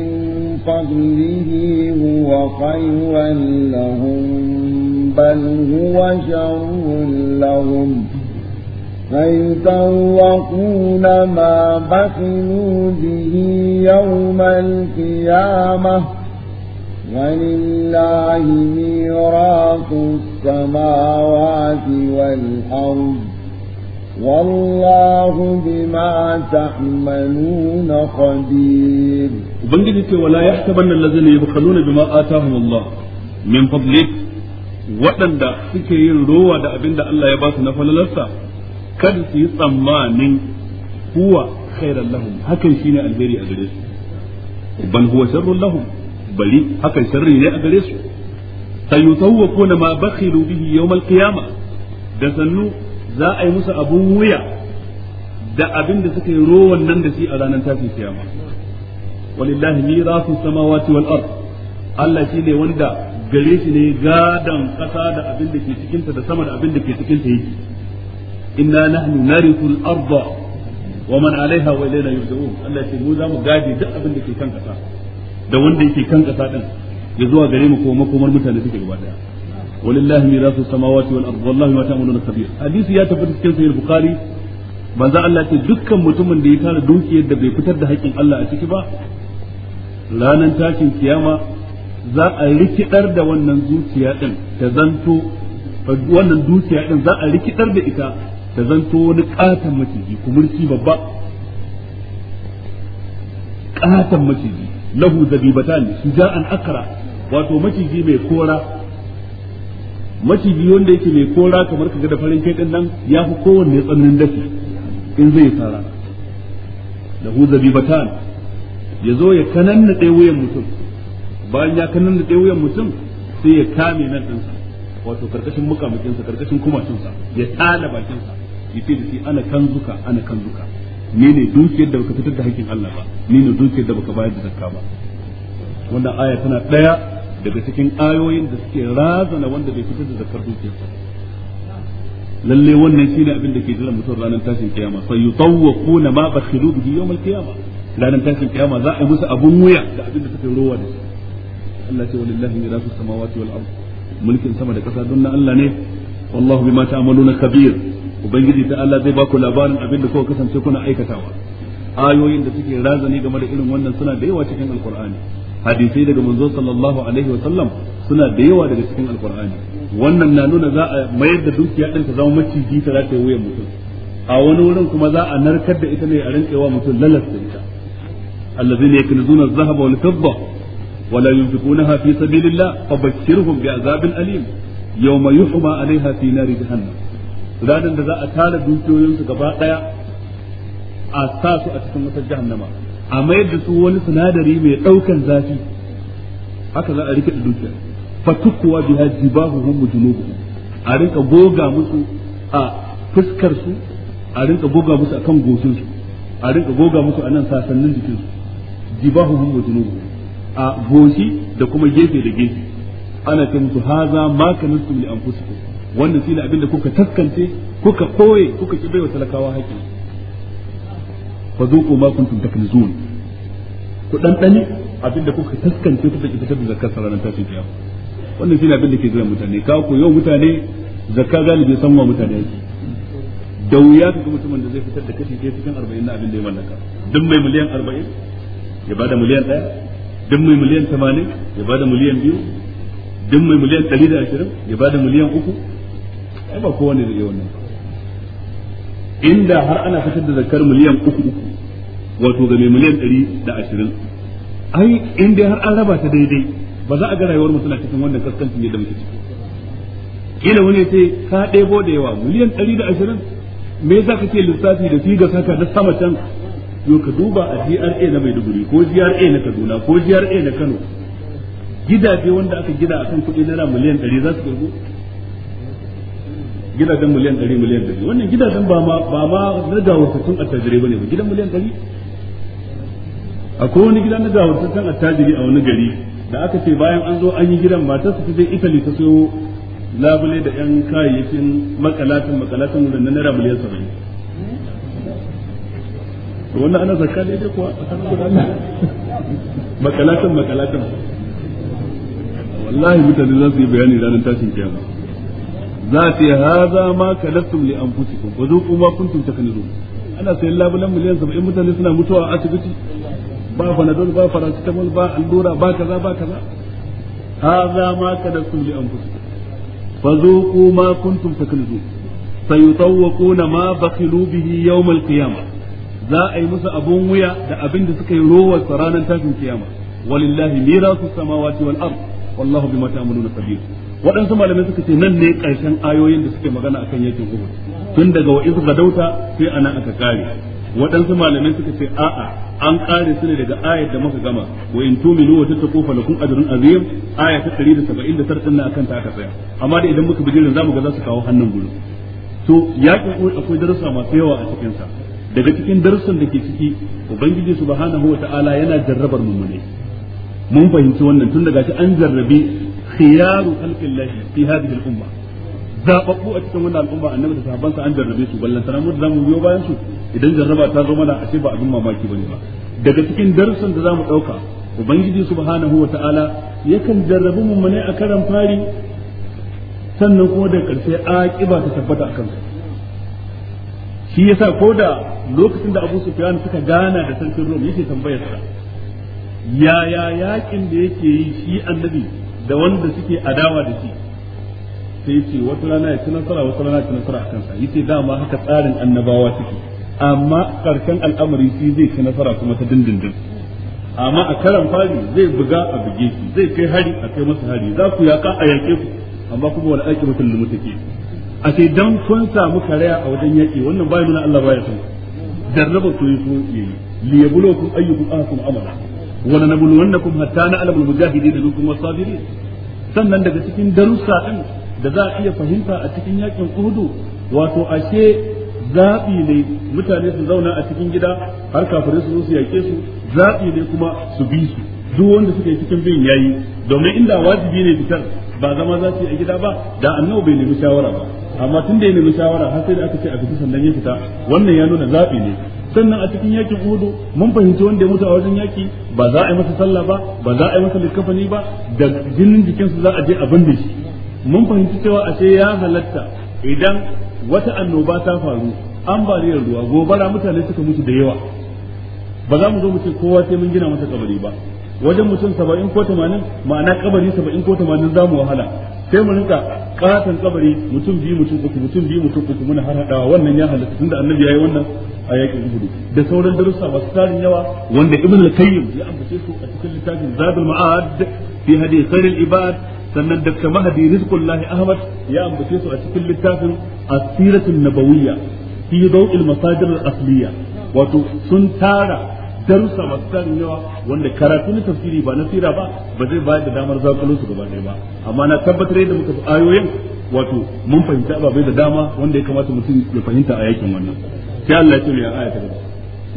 فضله هو خيرا لهم بل هو شر لهم فيتوقون ما بخلوا به يوم القيامة ولله ميراث السماوات والأرض والله بما تعملون خبير وبنجد ولا يحسبن الذين يبخلون بما آتاهم الله من فضله waɗanda suke yin rowa da abin da Allah ya ba su na falalarsa kada su yi tsammanin huwa khairan lahum hakan shine alheri a gare su bal huwa sharrun lahum bali hakan sharri ne a gare su sayutawwaquna ma bakhilu bihi yawm al da sannu za a yi musu abun wuya da abin da suka yi rowan nan da shi a ranar tafi kiyama walillahi mirasu samawati wal ard Allah shine wanda gare shi ne gadon kasa da abin da ke cikinta da sama da abin da ke cikinta yake inna nahnu narithul arda wa man alaiha wa ilayna yurja'un Allah ce mu za mu gadi duk abin da ke kan kasa da wanda yake kan kasa din ya zuwa gare mu ko makomar mutane suke gaba daya walillahi mirasu samawati wal ardi wallahi ma ta'maluna khabir hadisi ya tabbata cikin sahih bukhari manzo Allah ce dukkan mutumin da ya tara dukiyar da bai fitar da haƙƙin Allah a ciki ba ranan tashin kiyama za a rikidar da wannan zuciya din ta zanto wannan zuciya din za a rikidar da ita ta zanto wani katon maciji kumurci babba katon maciji lahu zabibatan an akra wato maciji mai kora maciji wanda yake mai kora kamar kaga da farin kai din nan ya fi kowanne tsananin dafi in zai tsara lahu zabibatan ya zo ya kananna wuyan mutum bayan ya kan nan da wuyan mutum sai ya kame nan ɗinsa wato karkashin mukamukinsa karkashin kumacinsa ya tsala bakinsa ya ce da shi ana kanzuka ana kanzuka ni ne dukiyar da baka fitar da hakkin Allah ba ni ne dukiyar da baka bayar da zakka ba wannan aya tana ɗaya daga cikin ayoyin da suke razana wanda bai fitar da zakkar dukiyarsa lalle wannan shine abin da ke jiran mutum ranar tashin kiyama Fa sai yutawwaquna ma bakhilu bihi yawm al-qiyamah ranar tashin kiyama za a yi musu abun wuya da abin da suka yi rowa da shi Allah ce walillahi mirasu samawati wal ard mulkin sama da kasa don na Allah ne wallahu bima ta'maluna kabir ubangiji ta Allah zai baku labarin abin da kuka kasance kuna aikatawa ayoyin da suke razani game da irin wannan suna da yawa cikin alqur'ani hadisai daga manzo sallallahu alaihi wa sallam suna da yawa daga cikin alqur'ani wannan na nuna za a mayar da dukiya din ta zama maciji ta za ta yi wuyan mutum a wani wurin kuma za a narkar da ita ne a rinkewa mutum lalasta ita allazina yakunzuna adh-dhahaba ولا ينفقونها في سبيل الله فبشرهم بعذاب أليم يوم يحمى عليها في نار جهنم ranar da za a tara dukiyoyinsu gaba daya a sa a cikin wutar jahannama a mayar da su wani sinadari mai daukan zafi haka za a rike da dukiya fatukkuwa biha jibahuhum mujunubuhum a rinka goga musu a fuskar su a rinka goga musu akan goshin su a rinka goga musu anan sasannin jikin su jibahuhum mujunubuhum a goshi da kuma gefe da gefe ana ce musu haza ma kanustum li wannan shi ne abinda kuka taskance kuka koye kuka ki wa talakawa haƙi fa zuqu ma kuntum taknizun ku dan dani abinda kuka taskance kuka ki fitar da zakar saranan tashin kiyama wannan ne abinda ke zuwa mutane ka ku yau mutane zakka galibi san wa mutane yake da wuya ka ga mutumin da zai fitar da kashi ke cikin arba'in na abinda ya mallaka duk mai miliyan arba'in ya bada miliyan ɗaya duk mai miliyan 80 ya bada miliyan 2 duk mai miliyan 120 ya bada miliyan 3 ai ba kowane zai yi wannan inda har ana fitar da zakar miliyan 3 wato ga mai miliyan 120 ai inda har an raba ta daidai ba za a ga rayuwar mu cikin wannan kaskancin yadda muke ciki kila wani sai ka ɗebo da yawa miliyan 120 me za ka ce lissafi da fi ga saka da sama can yau ka duba a GRA na Maiduguri ko GRA na Kaduna ko GRA na Kano gidaje wanda aka gida akan kuɗi naira miliyan 100 za su karbo gidajen miliyan 100 miliyan 100 wannan gidajen ba ma ba ma na gawartattun attajiri bane ba gidan miliyan 100 akwai wani gidan na gawartattun attajiri a wani gari da aka ce bayan an zo an yi gidan matar su je Italy ta sayo labule da yan kayayyakin makalatan makalatan wurin na naira miliyan 70 wannan ana zakka ne dai kuwa makalatan makalatan wallahi mutane za su yi bayani ranar tashin kiyama za ce yi haza ma kalattum li anfusikum wa zuqu ma kuntum taknizun ana sayan labulan miliyan 70 mutane suna mutuwa a asibiti ba fanadol ba paracetamol ba allura ba kaza ba kaza haza ma kalattum li anfusikum fa zuqu ma kuntum taknizun sayutawquna ma bakhilu bihi yawm al-qiyamah za a yi musu abun wuya da abin da suka yi rowar sa ranar tashin kiyama walillahi mirasu samawati wal ard wallahu bima ta'maluna kabir waɗansu malamai suka ce nan ne ƙarshen ayoyin da suke magana akan yakin Uhud tun daga wa izu gadauta sai anan aka kare waɗansu malamai suka ce a'a an kare su ne daga ayar da muka gama wa in tuminu wa tattaqu fa lakum ajrun azim aya ta 179 din nan akan ta aka tsaya amma dai idan muka bijirin zamu ga za su kawo hannun gudu to yakin Uhud akwai darussa masu yawa a cikin sa daga cikin darussan da ke ciki ubangiji subhanahu ta'ala yana jarrabar mummune mun fahimci wannan tun daga shi an jarrabi khiyaru khalqillahi fi hadhihi al-umma zababbu a cikin wannan al'umma annabi da sahabbansa an jarrabe su ballan sanamu da zamu biyo bayan su idan jarraba ta zo mana ashe ba abin mamaki bane ba daga cikin darussan da zamu dauka ubangiji subhanahu ta'ala yakan jarrabi mummune a karan fari sannan kuma da karshe aqiba ta tabbata akan su shi yasa ko da lokacin da Abu Sufyan suka gana da sarkin Rom yake tambayar sa yaya yakin da yake yi shi annabi da wanda suke adawa da shi sai yace wata rana ya nasara wata rana ya nasara akan sa yace dama haka tsarin annabawa suke amma karshen al'amari shi zai ci nasara kuma ta dindindin amma a karan fari zai buga a buge shi zai kai hari a kai masa hari za ku yaka a yake ku amma kuma wani aiki mutum limu take a sai dan kun samu karaya a wajen yaki wannan bai nuna Allah baya son ku jarrabar ku yaso yayi li yabluwakum ayyukum ahsanu amala wa hatta na'lamu al-mujahidin minkum sannan daga cikin darussa din da za a iya fahimta a cikin yakin Uhud wato ashe zaɓi ne mutane su zauna a cikin gida har kafirai su zo su yake su zaɓi ne kuma su bi su duk wanda suke cikin bin yayi domin inda wajibi ne fitar ba zama za su yi a gida ba da annabi bai nemi shawara ba amma tun da ya nemi shawara har sai da aka ce a fita sannan ya fita wannan ya nuna zaɓi ne sannan a cikin yakin uhudu mun fahimci wanda ya mutu a wajen yaki ba za a yi masa sallah ba ba za a yi masa likafani ba da jinin jikinsa za a je a binne shi mun fahimci cewa ashe ya halatta idan wata annoba ta faru an bariyar ruwa gobara mutane suka mutu da yawa ba za mu zo mu ce kowa sai mun gina masa kabari ba wajen mutum saba'in ko tamanin ma'ana kabari saba'in ko tamanin za mu wahala sai mu rinka katon kabari mutum biyu mutum uku mutum biyu mutum uku muna har hadawa wannan ya halatta tunda annabi yi wannan a yakin uhudu da sauran darussa masu tarin yawa wanda ibn al-qayyim ya ambace su a cikin littafin zadul ma'ad fi hadi khairil ibad sannan da mahadi rizqullahi ahmad ya ambace su a cikin littafin asiratul nabawiyya fi dawil masajir al-asliya wato sun tara darussa masu tarin yawa wanda karatu na tafsiri ba na sira ba ba zai bayar da damar zakulo su gaba ɗaya ba amma na tabbatar yadda muka fi ayoyin wato mun fahimta bai da dama wanda ya kamata mutum ya fahimta a yakin wannan sai Allah ya ya aya ta gaba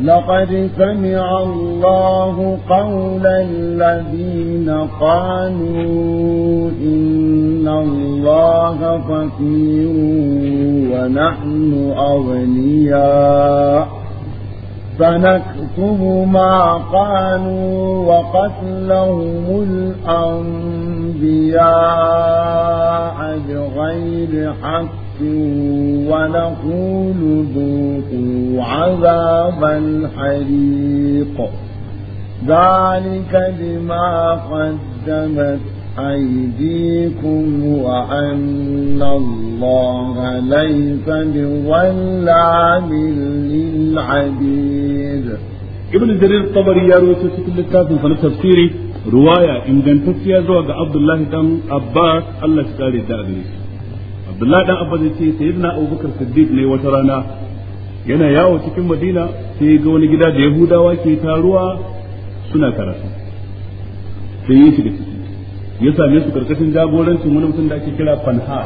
لقد سمع الله قول الذين قالوا إن الله فقير ونحن أغنياء فنكتب ما قالوا وقتلهم الأنبياء بغير حق ونقول ذوقوا عذاب الحريق ذلك بما قدمت أيديكم وأن الله ليس بظلام للعبيد ابن جرير الطبري يا روسي في الكتاب في تفسيري رواية إن كانت زوج عبد الله دم أباس الله تعالى دعني عبد الله دم أباس عباس سيدنا أبو بكر الصديق لي وترانا yana yawo cikin Madina sai ga wani gida da Yahudawa ke taruwa suna karatu sai yi shi ya same su karkashin jagorancin wani mutum da ake kira fanha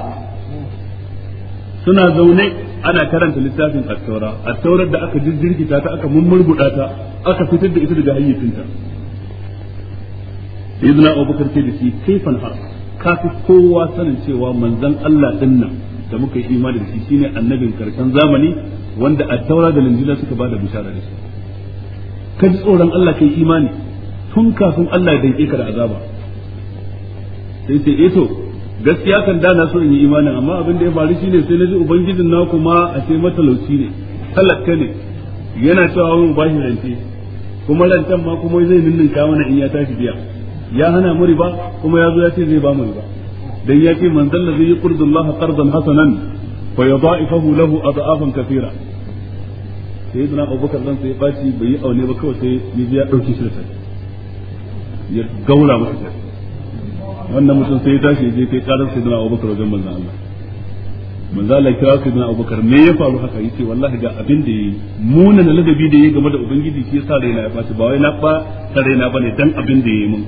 suna zaune ana karanta littafin attaura attaurar da aka jirgita ta aka mummurguda ta aka fitar da ita daga hayyacinta izina abubakar ce da shi kai fanha ka fi kowa sanin cewa manzon Allah din nan da muka yi imani da shi shine annabin karshen zamani wanda attaura da linjila suka ba da bishara da shi ka ji tsoron Allah kai imani tun kafin Allah ya danke ka da azaba sai sai ito eh gaskiya kan da na so in yi imanin amma abin da ya faru shine sai na ji ubangijin na kuma a ce matalauci ne talaka ne yana cewa wani shi rance kuma rancen ma kuma zai ninninka mana in ya tashi biya ya hana mu riba kuma ya zo ya ce zai ba mu riba dan ya ce man zalla zai yurdu Allah qardan hasanan fa yudha'ifahu lahu adafan kathira sai yana Abubakar dan sai baci bai yi aune ba kawai sai ya biya dauki shi da sai ya gaura masa wannan mutum sai ya tashi je kai karar sai dana abubakar wajen manzan Allah manzan Allah kira sai dana abubakar me ya faru haka yace wallahi ga abin da yayi muna na ladabi da yayi game da ubangiji shi yasa raina ya faci ba wai na ba ta raina bane dan abin da yayi mun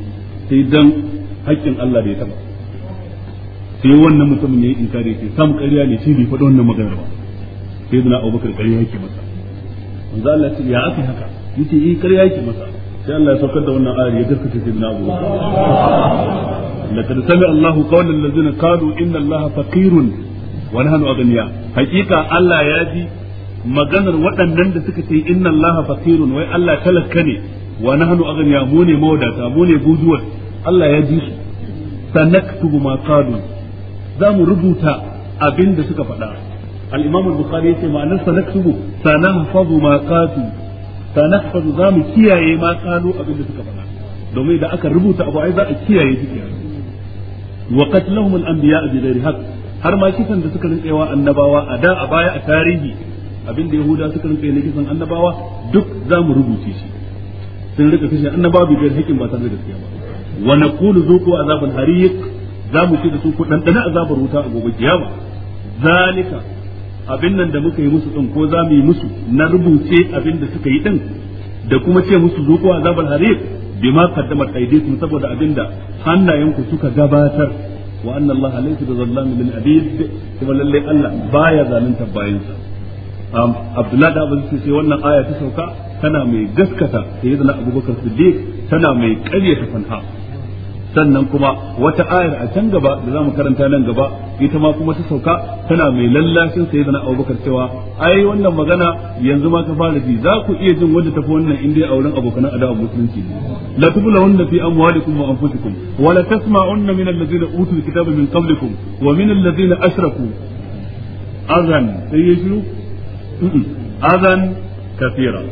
sai dan haƙƙin Allah da ya taba sai wannan mutumin yi inkari sai sam ƙarya ne shi bai faɗi wannan maganar ba sai dana abubakar ƙarya yake masa manzan Allah ya aka haka yace eh ƙarya yake masa sai Allah ya saukar da wannan ayar ya gaskata sai dana abubakar laqad sami'a Allahu qawla allazina qalu inna Allaha faqirun wa nahnu aghniya hakika Allah ya ji maganar waɗannan da suka ce inna Allaha faqirun wai Allah talakka ne wa nahnu aghniya mu ne mawadata mu ne bujuwar Allah ya ji su sanaktubu ma qalu za mu rubuta abin da suka faɗa al-Imam al-Bukhari yace ma'anar sanaktubu sanahfazu ma qalu sanahfazu za mu kiyaye ma qalu abin da suka faɗa domin da aka rubuta abu ai za a kiyaye shi wa qatlahum an biya a ghairi haqq har ma kisan da suka rinka yawa annabawa a da a baya a tarihi abinda yahuda suka rinka yi kisan annabawa duk za mu rubuce shi sun rika kashe annabawa bi ghairi haqqin ba tare da gaskiya ba wa naqulu zuqu azabal hariq za mu ce da su ku dandana azabar wuta a gobe kiyama zalika abin nan da muka yi musu din ko za mu yi musu na rubuce abin da suka yi din da kuma ce musu zuqu azabal hariq bima qaddamat aydikum saboda abinda hannayenku suka gabatar wa anna Allah laysa bizallamin lil abid kuma lalle Allah baya zalunta bayansa. um Abdullah da Abu sai wannan aya ta sauka tana mai gaskata sayyidina Abubakar Siddiq tana mai ta fanha sannan kuma wata ayar a can gaba da zamu karanta nan gaba ita ma kuma ta sauka tana mai lallashin sayyidina Abubakar cewa ai wannan magana yanzu ma ta fara ji za ku iya jin wanda tafi wannan inda a wurin abokan adawa musulunci la tublahunna fi amwalikum wa anfusikum wa la tasma'unna min alladhina utul kitaba min qablikum wa min alladhina ashraku azan sai ya shiru azan kafira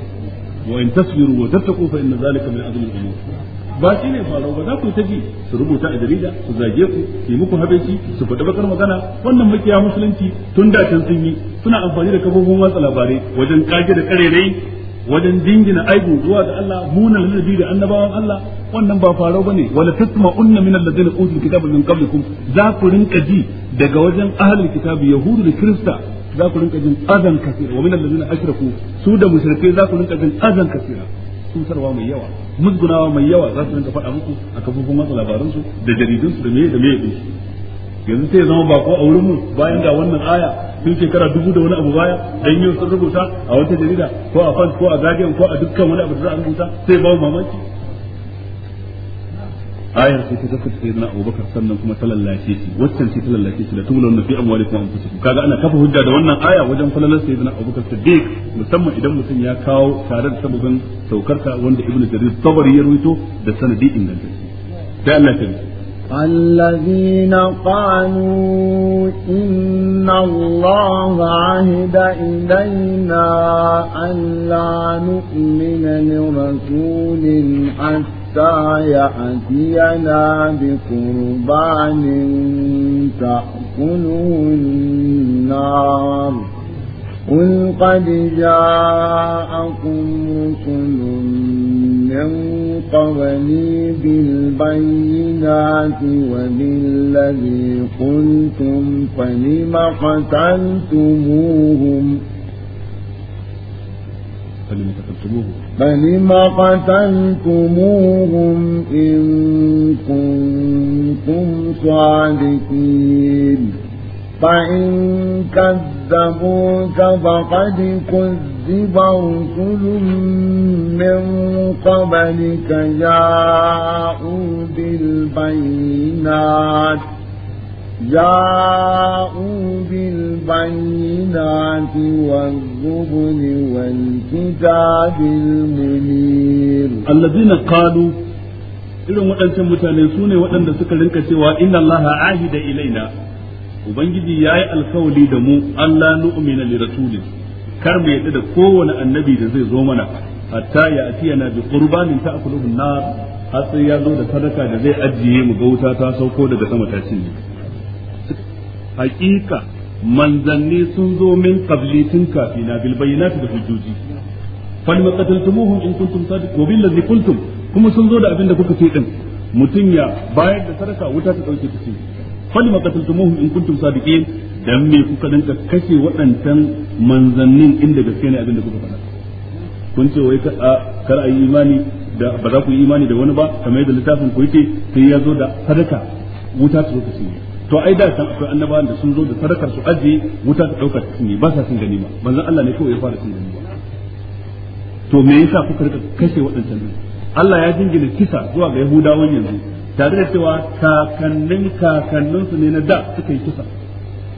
wa in tasbiru wa tattaqu fa inna dhalika min azmi al-umur ba shi ne farau ba za ku ta ji su rubuta a jarida su zage ku su yi muku habaici su faɗi bakar magana wannan makiya musulunci tun da can sun yi suna amfani da kafofin watsa labarai wajen kage da rai wajen dingina aibu zuwa da Allah munan ladabi da annabawan Allah wannan ba farau bane wala tasma'unna min alladhina utul kitaba min qablikum za ku rinka ji daga wajen ahlul kitabi yahudu da krista za ku rinka jin azan kasira wa min alladhina ashraku su da mushrikai za ku rinka jin azan kasira cutarwa mai yawa musgunawa mai yawa za su rinka faɗa muku a kafofin watsa labaransu da jaridunsu da meye da meye din yanzu sai zama bako a wurin mu bayan ga wannan aya tun shekara dubu da wani abu baya dan yau sun rubuta a wata jarida ko a fan ko a gajiyan ko a dukkan wani abu da za a rubuta sai ba mamaki ayar sai ta gaskata sai na abubakar sannan kuma ta lallace shi waccan ce ta lallace shi da tumulan na fi amwali kuma an fusu. kaga ana kafa hujja da wannan aya wajen falalar sai na abubakar siddiq musamman idan mutum ya kawo tare da sababin saukarta wanda ibn jarir tabari ya ruwaito da sanadi ingantacce sai Allah ta الذين قالوا إن الله عهد إلينا ألا نؤمن لرسول حتى حتى يأتينا بقربان تأكله النار قل قد جاءكم رسل من قبلي بالبينات وبالذي قلتم فلم قتلتموهم فلم قتلتموهم فلم قتلتموهم إن كنتم صادقين فإن كذبوك فقد كذب رسل من قبلك جاءوا بالبينات جاءوا بال بالبينات والزبن والكتاب المنير الذين قالوا irin waɗancan mutane su ne waɗanda suka rinka cewa inna allaha ahida ilaina ubangiji ya yi alkawali da mu allah nu'mina li rasulin kar mu yadda da kowane annabi da zai zo mana hatta ya atiyana bi qurbanin ta'kuluhu nar har sai ya zo da sadaka da zai ajiye mu ga wuta ta sauko daga sama ta cinye hakika manzanni sun zo min qabli tun na bil bayyinati da hujjoji fal ma qataltumuhum in kuntum sadiqin wa billazi qultum kuma sun zo da abin da kuka ce din mutum ya bayar da sadaka wuta ta dauke ta ce fal ma qataltumuhum in kuntum sadiqin dan me kuka danka kashe waɗancan manzannin inda gaske ne abin da kuka faɗa kun ce wai kar a yi imani da ba za ku yi imani da wani ba kamar yadda littafin ku yake sai ya zo da sadaka wuta ta zo ta ce to ai da san akwai annabawan da sun zo da sadakar su aje wuta ta dauka su ne ba sa sun gani ba manzon Allah ne kawai ya fara sun gani ba to me yasa kuka rika kashe waɗancan nan Allah ya jingina kisa zuwa ga Yahudawan yanzu tare da cewa kakannin kakannin su ne na da suka yi kisa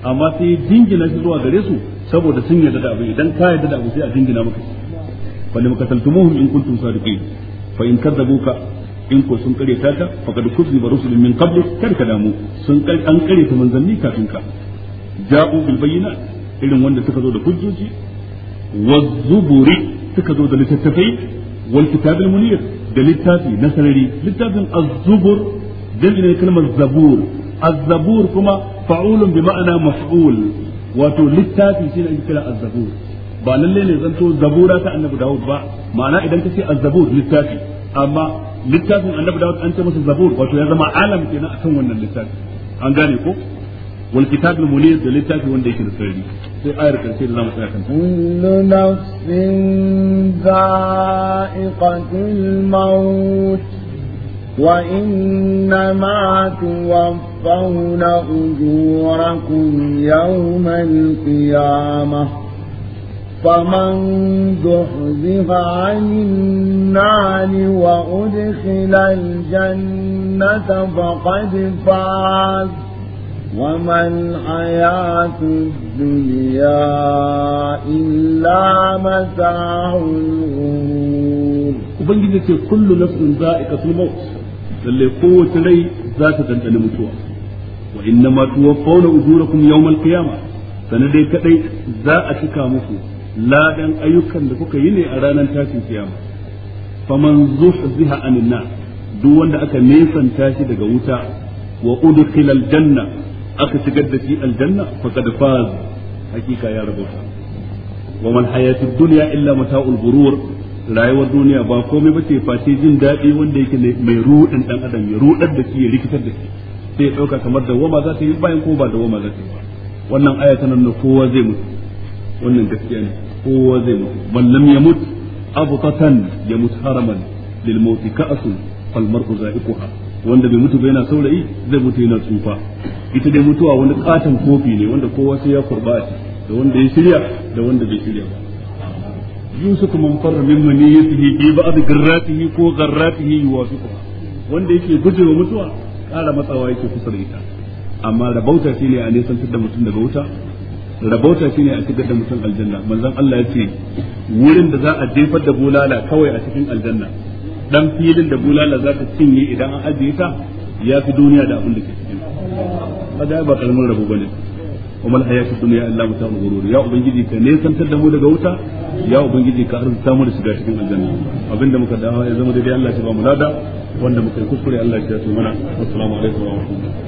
amma sai jingina shi zuwa gare su saboda sun yarda da abu idan ka yarda da abu sai a jingina maka shi fa lam qataltumuhum in kuntum sadiqin fa in kadzabuka in ko sun kare ta ka faqad kuzziba rusulun min qabli kar ka damu sun kar an kare ta manzanni kafin ka ja'u bil bayyinat irin wanda suka zo da hujjoji wazuburi suka zo da littattafai wal kitab al munir da littafi na sarari littafin az-zubur dalilin kalmar zabur az-zabur kuma fa'ulun bi ma'ana maf'ul wato littafi shi ne kira az-zabur ba lalle ne zanto zabura ta annabi dawud ba ma'ana idan ka ce az-zabur littafi amma littafin annabi dawud an ce masa zabur wato ya zama alam kenan akan wannan littafi an gane ko wal kitabul munir da littafi wanda yake da sirri sai ayar karshe da zamu tsaya kan kullu nafsin za'iqatul maut وإنما توفون أجوركم يوم القيامة فمن زحزح عن النار وأدخل الجنة فقد فاز وما الحياة الدنيا إلا متاع الغرور وبنجد كل نفس ذائقة الموت للي قوة لي ذات تنتهي المتوى وإنما توفون أجوركم يوم القيامة sanadai kadai za a cika muku ladan ayyukan da kuka yi ne a ranar tashin kiyama faman zuhziha anin nar duk wanda aka nisan shi daga wuta wa udkhila aljanna aka shigar da shi aljanna faqad faz hakika ya rabauta wa man hayatud dunya illa mata'ul ghurur rayuwar duniya ba komai ce face jin daɗi wanda yake mai ruɗin ɗan adam ya ruɗar da shi ya rikitar da shi sai ya ɗauka kamar da wama za ta yi bayan ko ba da wama za ta yi ba wannan aya tana kowa zai mutu wannan gaskiya ne kowa zai mutu man lam yamut abqatan yamut haraman lil maut ka'asun fal mar'u za'iquha wanda bai mutu ba yana saurayi zai mutu yana tsufa ita dai mutuwa wani katon kofi ne wanda kowa sai ya kurba a da wanda ya shirya da wanda bai shirya ba yusuf man farra min maniyatihi bi ba'd garratihi ko garratihi yuwafiquha wanda yake gujewa mutuwa kara matsawa yake kusa da ita amma rabauta shine a nisan da mutum daga wuta rabauta shine a cikin da mutum aljanna manzon Allah ya ce wurin da za a jefar da bulala kawai a cikin aljanna dan filin da bulala za ta cinye idan an ajiye ta ya fi duniya da abin da ke cikin kaga ba kalmar rabo bane kuma hayatu dunya illa mata'ul ghurur ya ubangiji ka ne santar da mu daga wuta ya ubangiji ka arzuta mu da shiga cikin aljanna abinda muka dawo ya zama daidai Allah ya ba mu lada wanda muka yi kuskure Allah ya tsaya mana assalamu alaikum wa rahmatullahi